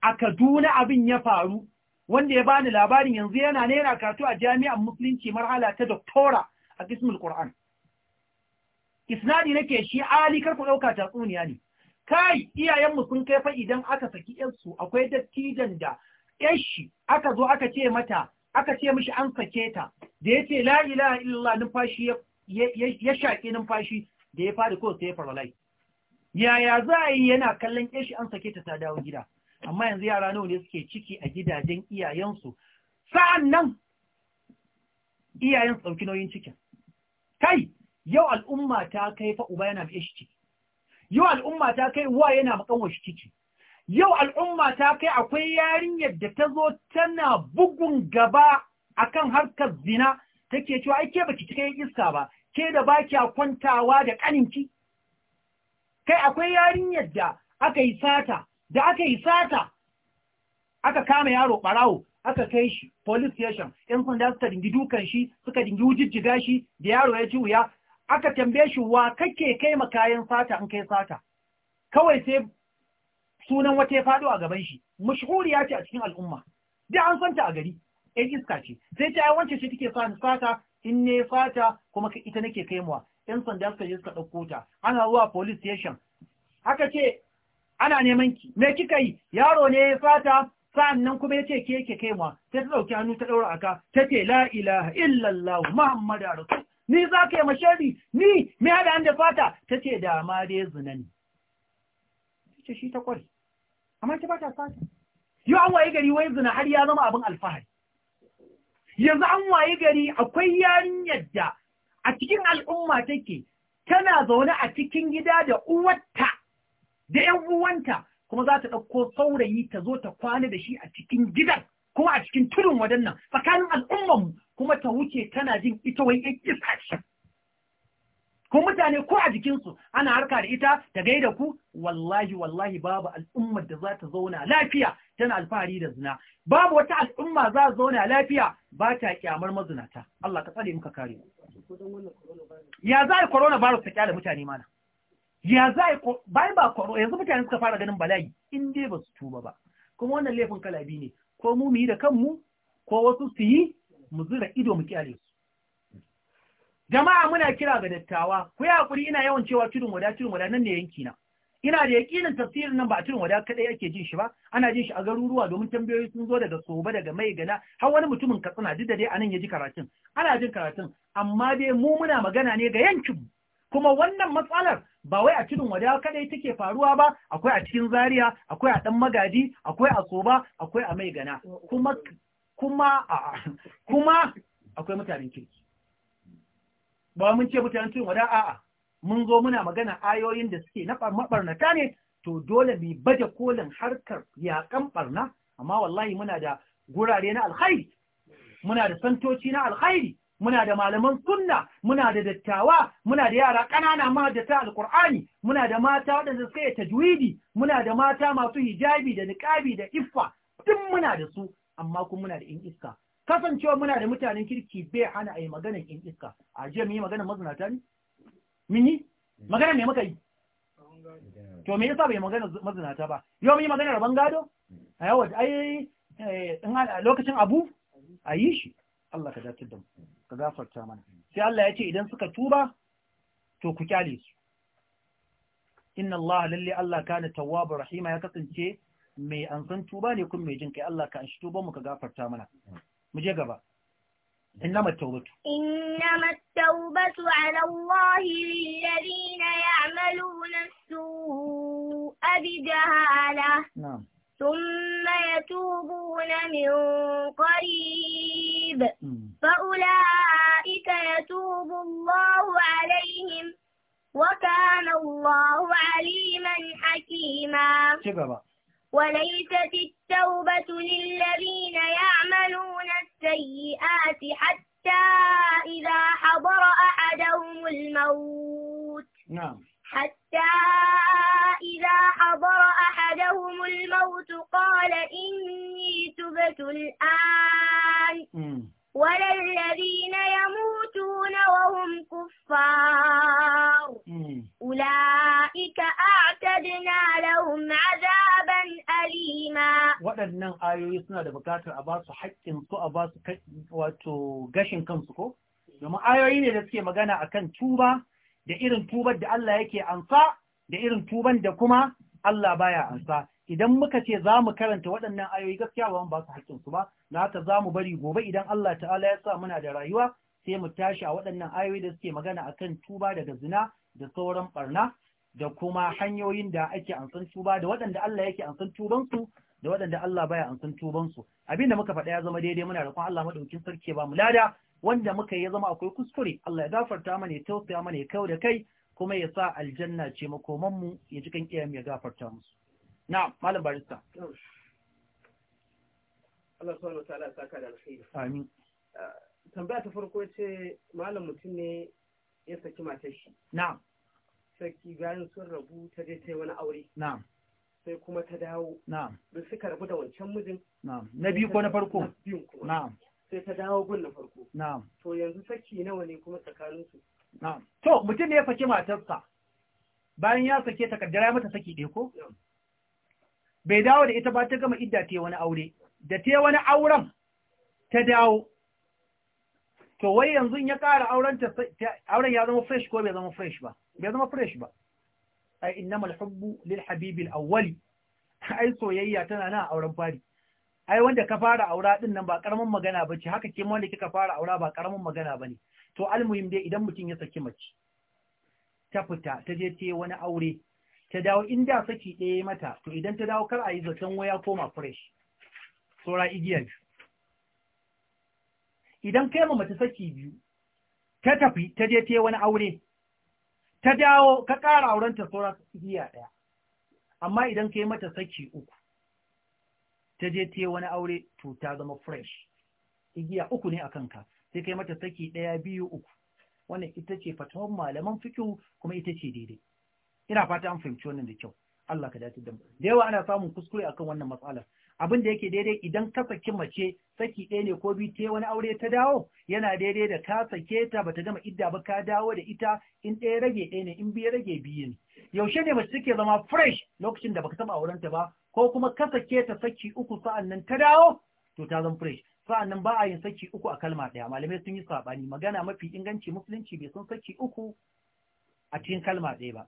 a kaduna abin ya faru wanda ya bani labarin yanzu yana ne yana karatu a jami'an musulunci marhala ta doktora a ismul qur'an isnadi nake shi ali kar ku tatsuniya ne kai iyayenmu sun kai fa idan aka saki yarsu akwai dattijan da yashi aka zo aka ce mata aka ce mishi an sake ta da yace la ilaha illallah numfashi ya shaƙi numfashi da ya fadi ko sai faralai yaya za a yi yana kallon yashi an sake ta ta dawo gida amma yanzu yara nawa ne suke ciki a gidajen iyayensu sa'an nan iyayen ɗauki nauyin cikin kai yau al'umma ta kai fa yana biye shi ciki yau al'umma ta kai wa yana makanwa shi ciki yau al'umma ta kai akwai yarinyar da ta zo tana bugun gaba akan harkar zina take cewa ai ke baki cikin iska ba ke da baki a kwantawa da kaninki kai akwai yarinyar da aka yi sata da aka yi sata aka kama yaro ɓarawo aka kai shi police station yan sanda suka dingi dukan shi suka dingi wujijjiga shi da yaro ya ci wuya aka tambaye shi wa kake kai ma kayan sata An kai sata kawai sai sunan wata ya faɗo a gaban shi mashhuriya ce a cikin al'umma da an santa a gari ɗan iska ce sai ta wance ce take sa ni sata. in ne sata, kuma ita nake kaimuwa yan sanda suka je suka ɗauko ta ana zuwa police station aka ce ana neman ki me kika yi yaro ne ya fata sa'annan kuma yace ke yake kaiwa sai ta dauki hannu ta daura aka Ta ce la ilaha illallah muhammadu rasul ni za ka yi mashari ni me hada an da fata ce da ma dai zinani ce shi ta kwari amma ta bata fata yo an waye gari wai zina har ya zama abin alfahari yanzu an waye gari akwai yarinyar da a cikin al'umma take tana zaune a cikin gida da uwarta da ‘yan uwanta kuma za ta ɗauko saurayi ta zo ta kwana da shi a cikin gidan kuma a cikin tudun wadannan tsakanin al'ummanmu kuma ta wuce tana jin ita wai ‘yan isa Kuma mutane ko a jikinsu ana harka da ita ta gaida ku wallahi wallahi babu al'ummar da za ta zauna lafiya tana alfahari da zina babu wata al'umma za ta zauna lafiya ba ta kyamar mazinata Allah ka tsare muka kare ya za a yi coronavirus ta kyale mutane mana ya za a bayan ba kwaro yanzu mutane suka fara ganin bala'i in dai ba su tuba ba kuma wannan laifin kalabi ne ko mu mu yi da kanmu ko wasu su yi mu zura ido mu kyale su jama'a muna kira ga dattawa ku yi hakuri ina yawan cewa tudun wada tudun wada nan ne yanki na ina da yakinin tafsirin nan ba a tudun wada kadai ake jin shi ba ana jin shi a garuruwa domin tambayoyi sun zo daga soba daga mai gana har wani mutumin katsina duk da dai nan ya ji karatun ana jin karatun amma dai mu muna magana ne ga yankin kuma wannan matsalar ba wai a tudun wadawa kadai take faruwa ba akwai a cikin Zariya, akwai a dan magaji akwai a soba akwai a mai gana kuma kuma kuma akwai mutanen kirki ba mun ce mutanen tudun wada a'a mun zo muna magana ayoyin da suke na mabarnata ne to dole mu baje kolin harkar yakan barna amma wallahi muna da gurare na alkhairi muna da santoci na alkhairi muna da malaman sunna muna da dattawa muna da yara ƙanana ta Alƙur'ani, muna da mata waɗanda suka yi tajwidi muna da mata masu hijabi da niƙabi da iffa duk muna da su amma kuma muna da in iska kasancewa muna da mutanen kirki bai hana a yi maganar in iska a jiya mun yi maganar mazinata ne mun yi magana me muka yi to me yasa bai magana mazinata ba yau mun yi maganar rabon gado a yawa ai eh, lokacin abu a yi shi Allah ka dace da mu ka gafarta mana sai Allah ya ce idan suka tuba to ku kyale su inna Allah lalle Allah kana tawwabur rahima ya kasance mai ansan tuba ne kun mai jin kai Allah ka anshi tuban mu ka gafarta mana mu je gaba inna إنما التوبة إنما التوبة على الله للذين يعملون السوء بجهالة نعم ثم يتوبون min قريب فأولئك يتوب الله عليهم وكان الله عليما حكيما وليست التوبة للذين يعملون السيئات حتى إذا حضر أحدهم الموت نعم حتى إذا حضر أحدهم الموت قال إني تبت الآن ولا الذين يموتون وهم كفار أولئك أعتدنا لهم عذابا أليما waɗannan ayoyi suna da bukatar a ba su haƙƙinsu a ba su gashin kansu ko domin ayoyi ne da suke magana akan tuba da irin tubar da Allah yake ansa da irin tuban da kuma Allah baya ansa idan muka ce za mu karanta waɗannan ayoyi gaskiya ba ba su haƙƙinsu ba na haka za mu bari gobe idan Allah ta'ala ya sa muna da rayuwa sai mu tashi a waɗannan ayoyi da suke magana akan tuba daga zina da sauran barna da kuma hanyoyin da ake ansan tuba da waɗanda Allah yake ansan tubansu da waɗanda Allah baya ansan tubansu abinda muka faɗa ya zama daidai muna roƙon Allah madaukakin sarki ba mu lada wanda muka yi ya zama akwai kuskure Allah ya gafarta mana ya tausaya mana ya kau da kai kuma ya sa aljanna ce makomanmu ya ji kan ya gafarta musu na malam barista Allah subhanahu wataala ya saka da alkhairi amin ah, tambaya ta farko ce malam mutum ne ya saki matar shi Na. saki bayan sun rabu ta je wani aure Na. sai kuma ta dawo na'am da suka rabu da wancan mijin na'am na biyu ko na farko na na'am sai ta dawo gun na farko na'am to yanzu saki nawa ne kuma tsakanin su na'am to mutum ne ya saki matarsa bayan ya sake ta kaddara mata saki ɗaya ko bai dawo da ita ba ta gama idda ta wani aure da ta wani auren ta dawo to wai yanzu ya ƙara auren ya zama fresh ko bai zama fresh ba bai zama fresh ba ai innamal hubbu lil habibil awwali ai soyayya tana nan auren fari ai wanda ka fara aura din nan ba karamin magana bace haka ke wanda kika fara aura ba karamin magana bane to almuhim dai idan mutum ya saki mace ta fita ta je ta wani aure ta dawo in da saki ɗaya mata to idan ta dawo kar a yi zaton waya koma fresh sora igiya idan kai ma mace saki biyu ta tafi ta je ta wani aure ta dawo ka ƙara aurenta sora igiya ɗaya amma idan kai mata saki uku ta je ta wani aure to ta zama fresh igiya uku ne a kanka sai kai mata saki ɗaya biyu uku wannan ita ce fatawar malaman fikin kuma ita ce daidai ina fata an fahimci wannan da kyau Allah ka dace da mu da yawa ana samun kuskure akan wannan matsalar abin da yake daidai idan ka saki mace saki ɗaya ne ko biyu ta wani aure ta dawo yana daidai da ka sake ta bata gama idda ba ka dawo da ita in ɗaya rage ɗaya ne in biyu rage biyu ne yaushe ne mace take zama fresh lokacin da baka taɓa aurenta ba ko kuma ka sake ta saki uku sa'an nan ta dawo to ta zama fresh sa'an nan ba a yin saki uku a kalma ɗaya malamai sun yi saɓani magana mafi inganci musulunci bai sun saki uku a cikin kalma ɗaya ba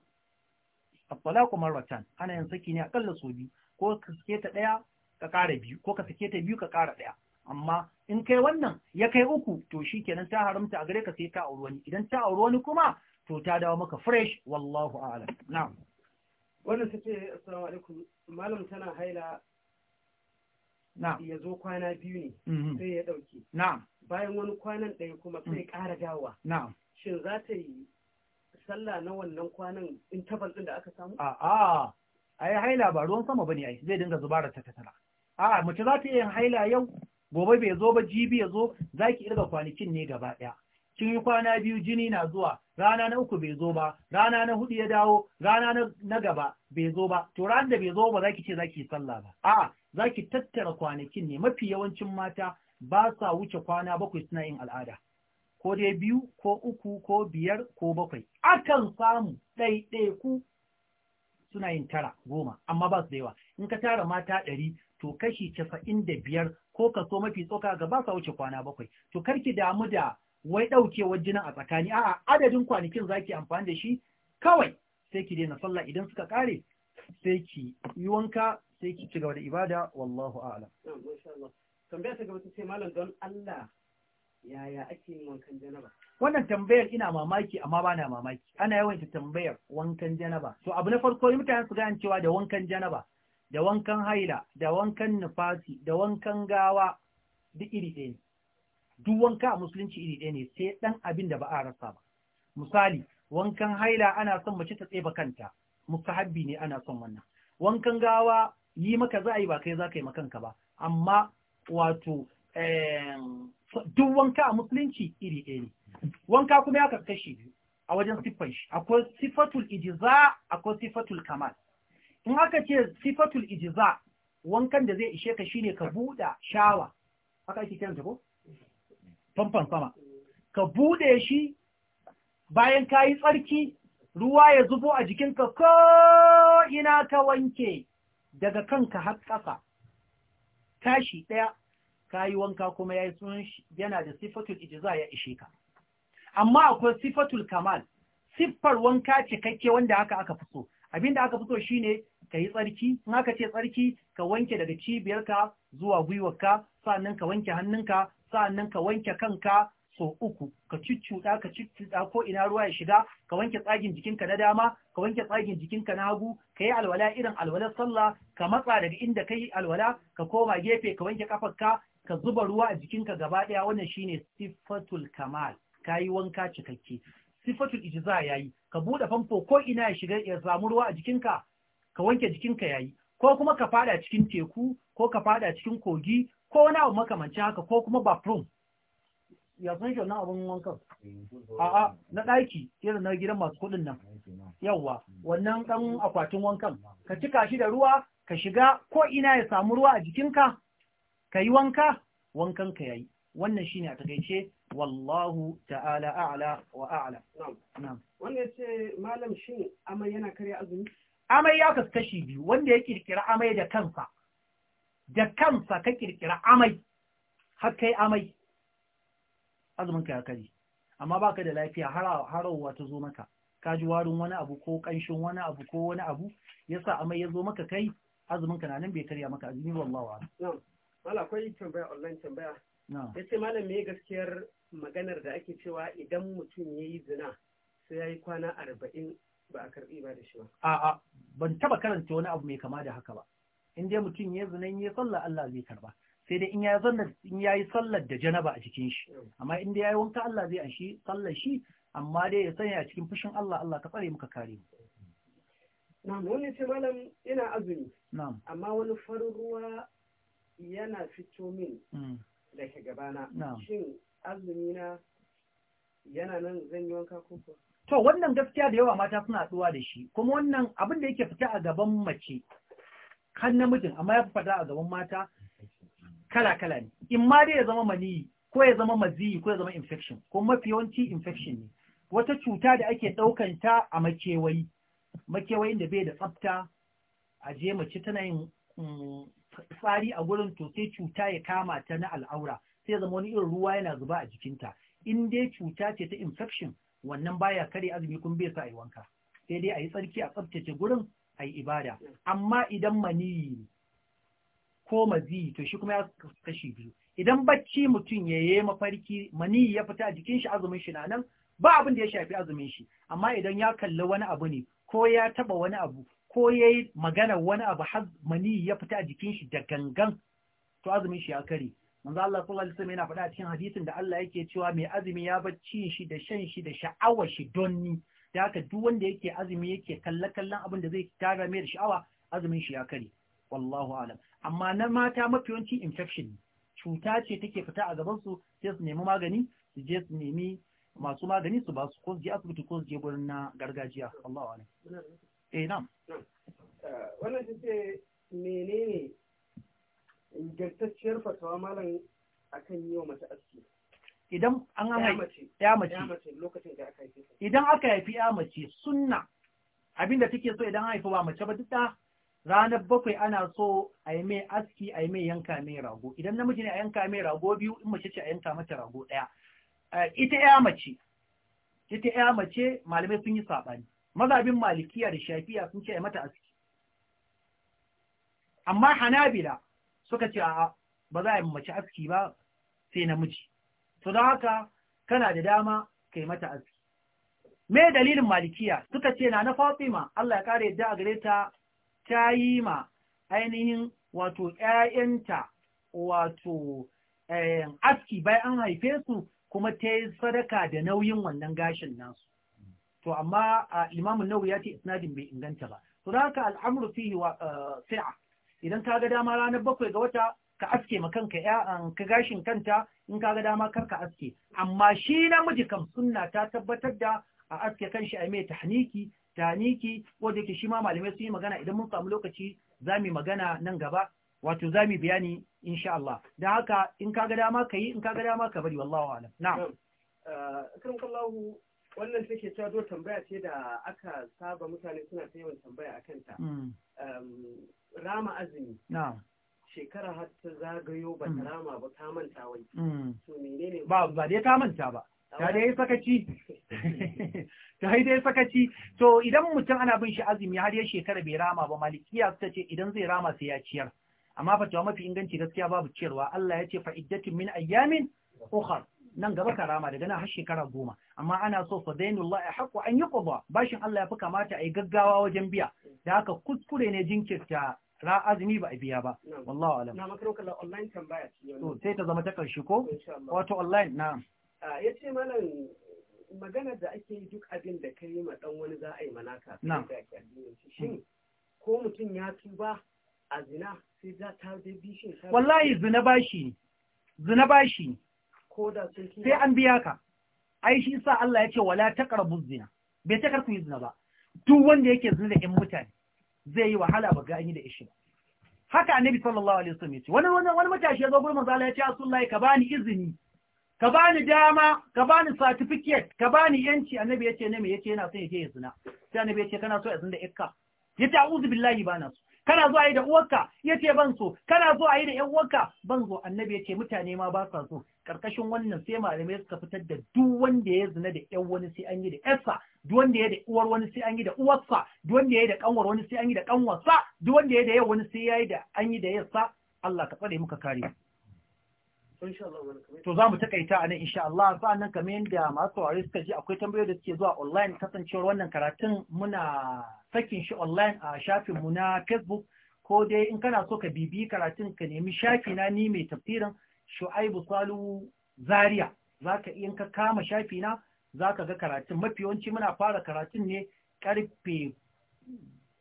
at-talaqu marratan ana yin saki ne akalla so biyu ko ka sake ta ɗaya ka ƙara biyu ko ka sake ta biyu ka ƙara ɗaya amma in kai wannan ya kai uku to shi kenan ta haramta a gare ka sai ta auri wani idan ta auri wani kuma to ta dawo maka fresh wallahu a'lam na'am wannan ta assalamu alaikum malam tana haila na'am ya zo kwana biyu ne mm-hmm. sai ya dauke na'am bayan wani kwanan ɗaya kuma sai mm. ƙara dawowa na'am shin za ta yi sallah na wannan kwanan tabar din da aka samu? A'a, ai haila ba ruwan sama bane ai zai dinga zubara ta tattala. A'a, mace za ta yi haila yau, gobe bai zo ba jibi ya zo, za ki irga kwanakin ne gaba ɗaya. Kin yi kwana biyu jini na zuwa, rana na uku bai zo ba, rana na hudu ya dawo, rana na gaba bai zo ba, to ran da bai zo ba za ki ce za ki yi sallah ba. A'a, za ki tattara kwanakin ne mafi yawancin mata ba sa wuce kwana bakwai suna yin al'ada. ko dai biyu ko uku ko biyar ko bakwai akan samu ɗaiɗaiku suna yin tara goma amma ba su da yawa in ka tara mata ɗari to kashi casa'in da biyar ko kaso mafi tsoka ga ba sa wuce kwana bakwai to kar ki damu da wai ɗaukewar jinin a tsakani a'a adadin kwanakin za zaki amfani da shi kawai sai ki daina sallah idan suka kare sai ki yi wanka sai ki ci gaba da ibada wallahu a'lam tambaya ta gaba ta ce malam don Allah yaya ake yin wankan janaba wannan tambayar ina mamaki amma ba na mamaki ana yawan ta tambayar wankan janaba to abu na farko yi mutane su gane cewa da wankan janaba da wankan haila da wankan nufasi da wankan gawa duk iri ɗaya ne duk wanka a musulunci iri ɗaya ne sai ɗan abin da ba a rasa ba misali wankan haila ana son mace ta tseba kanta mustahabbi ne ana son wannan wankan gawa yi maka za a yi ba kai za ka yi makanka ba amma wato duk wanka a musulunci iri ɗaya ne wanka kuma ya karkashi a wajen siffan shi akwai sifatul ijiza akwai sifatul kamal in aka ce sifatul ijiza wankan da zai ishe ka shine ka buɗa shawa haka ake kiran ko famfan sama ka buɗe shi bayan ka yi tsarki ruwa ya zubo a jikinka ko ina ka wanke daga kanka har ƙasa tashi ɗaya kayi wanka kuma ya yi sunan yana da sifatul ijiza ya ishe ka amma akwai sifatul kamal siffar wanka cikakke wanda haka aka fito. abinda aka fito shine ka tsarki in aka ce tsarki ka wanke daga cibiyarka zuwa gwiwarka sa'annan ka wanke hannunka sa'annan ka wanke kanka so uku ka cuccuɗa ka cuccuɗa ko ina ruwa ya shiga ka wanke tsagin jikinka na dama ka wanke tsagin jikinka na hagu ka yi alwala irin alwalar sallah ka matsa daga inda ka yi alwala ka koma gefe ka wanke kafarka ka zuba ruwa a jikinka gaba ɗaya wannan shine sifatul kamal kayi wanka cikakke sifatul ijza yayi ka buɗe famfo ko ina ya shiga ya samu ruwa a jikinka ka wanke jikinka yayi ko kuma ka fada cikin teku ko ka fada cikin kogi ko wani abu makamancin haka ko kuma bathroom ya san shi wannan abun wankan a'a na ɗaki irin na gidan masu kuɗin nan yawa wannan ɗan akwatin wankan ka cika shi da ruwa ka shiga ko ina ya samu ruwa a jikinka ka yi wanka wankan ka yayi wannan shine a takaice wallahu ta'ala a'la wa a'la na'am wannan ce malam shi amai yana karya azumi amai ya kaskashi biyu wanda ya kirkira amai da kansa da kansa ka kirkira amai har kai amai azumin ka ya kari. amma baka da lafiya harawa ta zo maka ka ji warin wani abu ko kanshin wani abu ko wani abu yasa amai ya zo maka kai azumin ka na nan bai karya maka azumi wallahi Mala akwai tambaya online tambaya. Ya ce malam me gaskiyar maganar da ake cewa idan mutum ya yi zina sai ya yi kwana arba'in ba a karɓi ba da shi ba. A'a ban taɓa karanta wani abu mai kama da haka ba. In dai mutum ya zina ya sallah Allah zai karba. Sai dai in ya yi sallar da janaba a jikin shi. Amma in dai ya yi wanka Allah zai shi sallar shi amma dai ya sanya a cikin fushin Allah Allah ka tsare muka kare mu. Na'am wani ce malam ina azumi. Na'am. Amma wani farin ruwa yana fito min mm. daga gabana shin azumi na yana nan zan yi wanka ko to wannan gaskiya da yawa mata suna tsuwa da shi kuma wannan abin da yake fita a gaban mace kan namijin amma ya fada a gaban mata kala kala ne in ma dai ya zama maniyi ko ya zama maziyi ko ya zama infection ko mafi yawanci infection ne wata cuta da ake ɗaukan ta a makewayi makewayin da bai da tsafta a je mace tana yin mm, fari a gurin to sai cuta ya kama ta na al'aura sai zama wani irin ruwa yana zuba a jikinta in dai cuta ce ta infection wannan baya kare azumi kun bai sa a yi wanka sai dai a yi tsarki a tsabtace gurin a yi ibada amma idan maniyi ko mazi to shi kuma ya kashi biyu idan bacci mutum ya yi mafarki maniyi ya fita a jikin shi azumin shi na nan ba abin da ya shafi azumin shi amma idan ya kalli wani abu ne ko ya taba wani abu ko ya yi magana wani abu har mani ya fita a jikin shi da gangan to azumin shi ya kare manzo Allah sallallahu alaihi wasallam yana faɗa a cikin hadisin da Allah yake cewa mai azumi ya bar cin shi da shan shi da sha'awar shi don ni da haka duk wanda yake azumi yake kalle kallon abin da zai tara mai da sha'awa azumin shi ya kare wallahu alam amma na mata mafi infection cuta ce take fita a gaban su sai su nemi magani su je su nemi masu magani su ba su ko su je asibiti ko su je gurin na gargajiya Wallahu alam eh na'am wannan ta ce menene ingantacciyar fatawa malam akan yi wa mace aski idan an haifi ya mace lokacin da aka haifi idan aka haifi ya mace sunna abinda take so idan haifi ba mace ba duk da ranar bakwai ana so a yi mai aski a yi mai yanka mai rago idan namiji ne a yanka mai rago biyu in mace ce a yanka mata rago ɗaya eh, ita ya mace ita ya mace malamai sun yi saɓani Mazabin malikiya da shafiya sun ce mata aski amma hanabila suka ce a ba za a yi mace aski ba sai namiji to don haka kana da dama kai mata aski me dalilin malikiya suka ce na na fatima Allah ya kare yadda a gare ta ta yi ma ainihin wato ƴaƴanta wato eh, aski bayan an haife su kuma ta yi sadaka da nauyin wannan gashin nasu to amma Limamin nawawi ya ce isnadin bai inganta ba to da haka al'amru fihi wa sa'a idan ka ga dama ranar bakwai ga wata ka aske ma kanka ya'an ka gashin kanta in ka ga dama kar ka aske amma shi namiji kam sunna ta tabbatar da a aske kanshi a mai tahniki tahniki wanda yake shi ma malamai sun yi magana idan mun samu lokaci za mu magana nan gaba wato za mu bayani insha Allah da haka in ka ga dama ka yi in ka ga dama ka bari wallahu alam na'am eh, kan wannan take cewa do tambaya ce da aka saba mutane suna ta yawan tambaya a kanta. Mm. rama azumi shekara har ta zagayo ba ta mm. rama ba ta manta wai mm. ba ba dai ta manta ba ta dai sakaci [laughs] ta yi dai sakaci to idan mutum ana bin shi azumi har ya shekara bai rama ba malikiya ta ce idan zai rama sai ya ciyar amma fatawa mafi inganci gaskiya babu ciyarwa Allah ya ce fa min ayyamin ukhra nan gaba karama daga nan har shekara goma amma ana so fa zainullah ya haƙo an yi ƙuba bashin Allah ya fi kamata a yi gaggawa wajen biya da haka kuskure ne jinkirta ra azumi ba a biya ba wallahu alam na makaro kallon online tambaya to sai ta zama ta karshe ko wato online na yace malam magana da ake yi duk abin da kai ma dan wani za a yi manaka na shin ko mutum ya tuba a zina sai za ta bi shi wallahi zina bashi zina bashi sai an biya ka ai shi sa Allah ya ce wala taqrabu zina bai ta karku yi zina ba duk wanda yake zina da ƴan mutane zai yi wahala ba gani da ishi ba haka annabi sallallahu alaihi wasallam ya ce wani wani wani matashi ya zo gurin manzo Allah ya ce Rasulullahi ka bani izini ka bani dama ka bani certificate ka bani yanci annabi ya ce ne me yace yana son yake zina sai annabi ya ce kana so ya zina da ikka yace a'udhu billahi bana so kana zo ayi da uwarka yace ban so kana zo ayi da ƴan uwarka ban zo annabi yace mutane ma ba sa so karkashin wannan sai malamai suka fitar da duk wanda ya zina da ƴan wani sai an yi da ƴarsa duk wanda ya da uwar wani sai an yi da uwarsa duk wanda ya da kanwar wani sai an yi da kanwarsa duk wanda ya da yau wani sai yayi da an yi da yarsa Allah ka tsare muka kare to za mu takaita a nan insha Allah sa'annan kamar yadda masu saurari suka ji akwai tambayoyi da suke zuwa online kasancewar wannan karatun muna sakin shi online a shafin mu na Facebook ko dai in kana so ka bibi karatun ka nemi shafi na ni mai tafsirin shu'aibu salu zaria za zaka in ka kama shafi na Za ka ga karatun mafi yawanci muna fara karatun ne karfe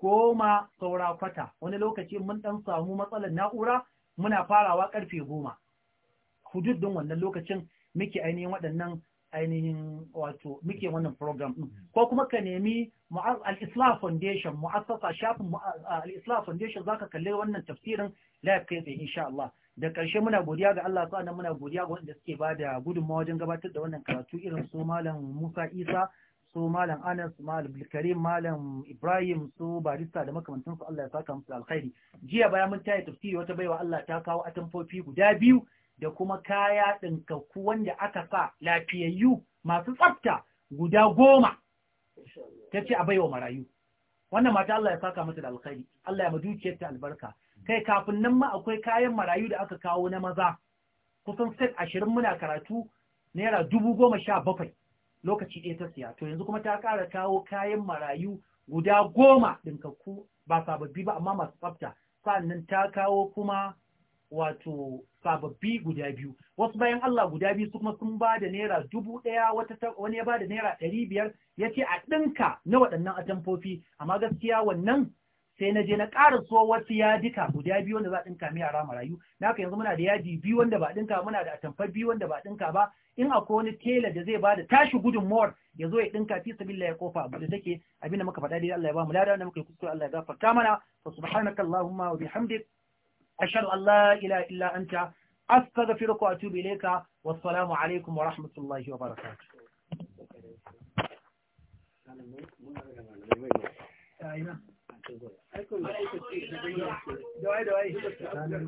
goma saura kwata wani lokaci mun dan samu matsalar na'ura muna farawa karfe goma hudud din wannan lokacin muke ainihin waɗannan ainihin wato muke wannan program ɗin ko kuma ka nemi al-islam foundation mu'assasa shafin al-islam foundation zaka kalli wannan tafsirin la kai tsaye insha Allah da ƙarshe muna godiya ga Allah sa'annan muna godiya ga wanda suke bada gudunmawa wajen gabatar da wannan karatu irin su malam Musa Isa su malam Anas malam Bilkarim malam Ibrahim su barista da makamantan su Allah ya saka musu alkhairi jiya baya mun taya tafsiri wata baiwa Allah ta kawo atamfofi guda biyu da kuma kaya ɗinkakku wanda aka sa lafiyayyu masu tsafta guda goma ta ce a baiwa marayu wannan mata Allah ya saka mata da alkhairi Allah ya dukiyar ta albarka kai kafin nan ma akwai kayan marayu da aka kawo na maza kusan set ashirin muna karatu naira dubu goma sha bakwai lokaci ɗaya ta siya to yanzu kuma ta ƙara kawo kayan marayu guda goma ɗinkakku ba sababbi ba amma masu tsafta sannan ta kawo kuma wato sababbi guda biyu wasu bayan Allah guda biyu kuma sun ba da naira dubu ɗaya wani ya ba da naira ɗari biyar ya ce a ɗinka na waɗannan atamfofi amma gaskiya wannan sai na je na ƙara wasu yadika guda biyu wanda za a ɗinka mai yara marayu na yanzu muna da yadi biyu wanda ba a ɗinka muna da atamfar biyu wanda ba a ɗinka ba in akwai wani tela da zai ba da tashi gudunmuwar ya zo ya ɗinka fi sabilla ya kofa abu da take abinda muka faɗa dai Allah ya ba mu lada wanda muka yi kuskure Allah ya gafarta mana fa subhanaka allahumma wa bihamdik ashhadu an la ilaha illa anta astaghfiruka wa atubu ilayka wassalamu alaikum wa rahmatullahi wa barakatuh Aina. da wai da wai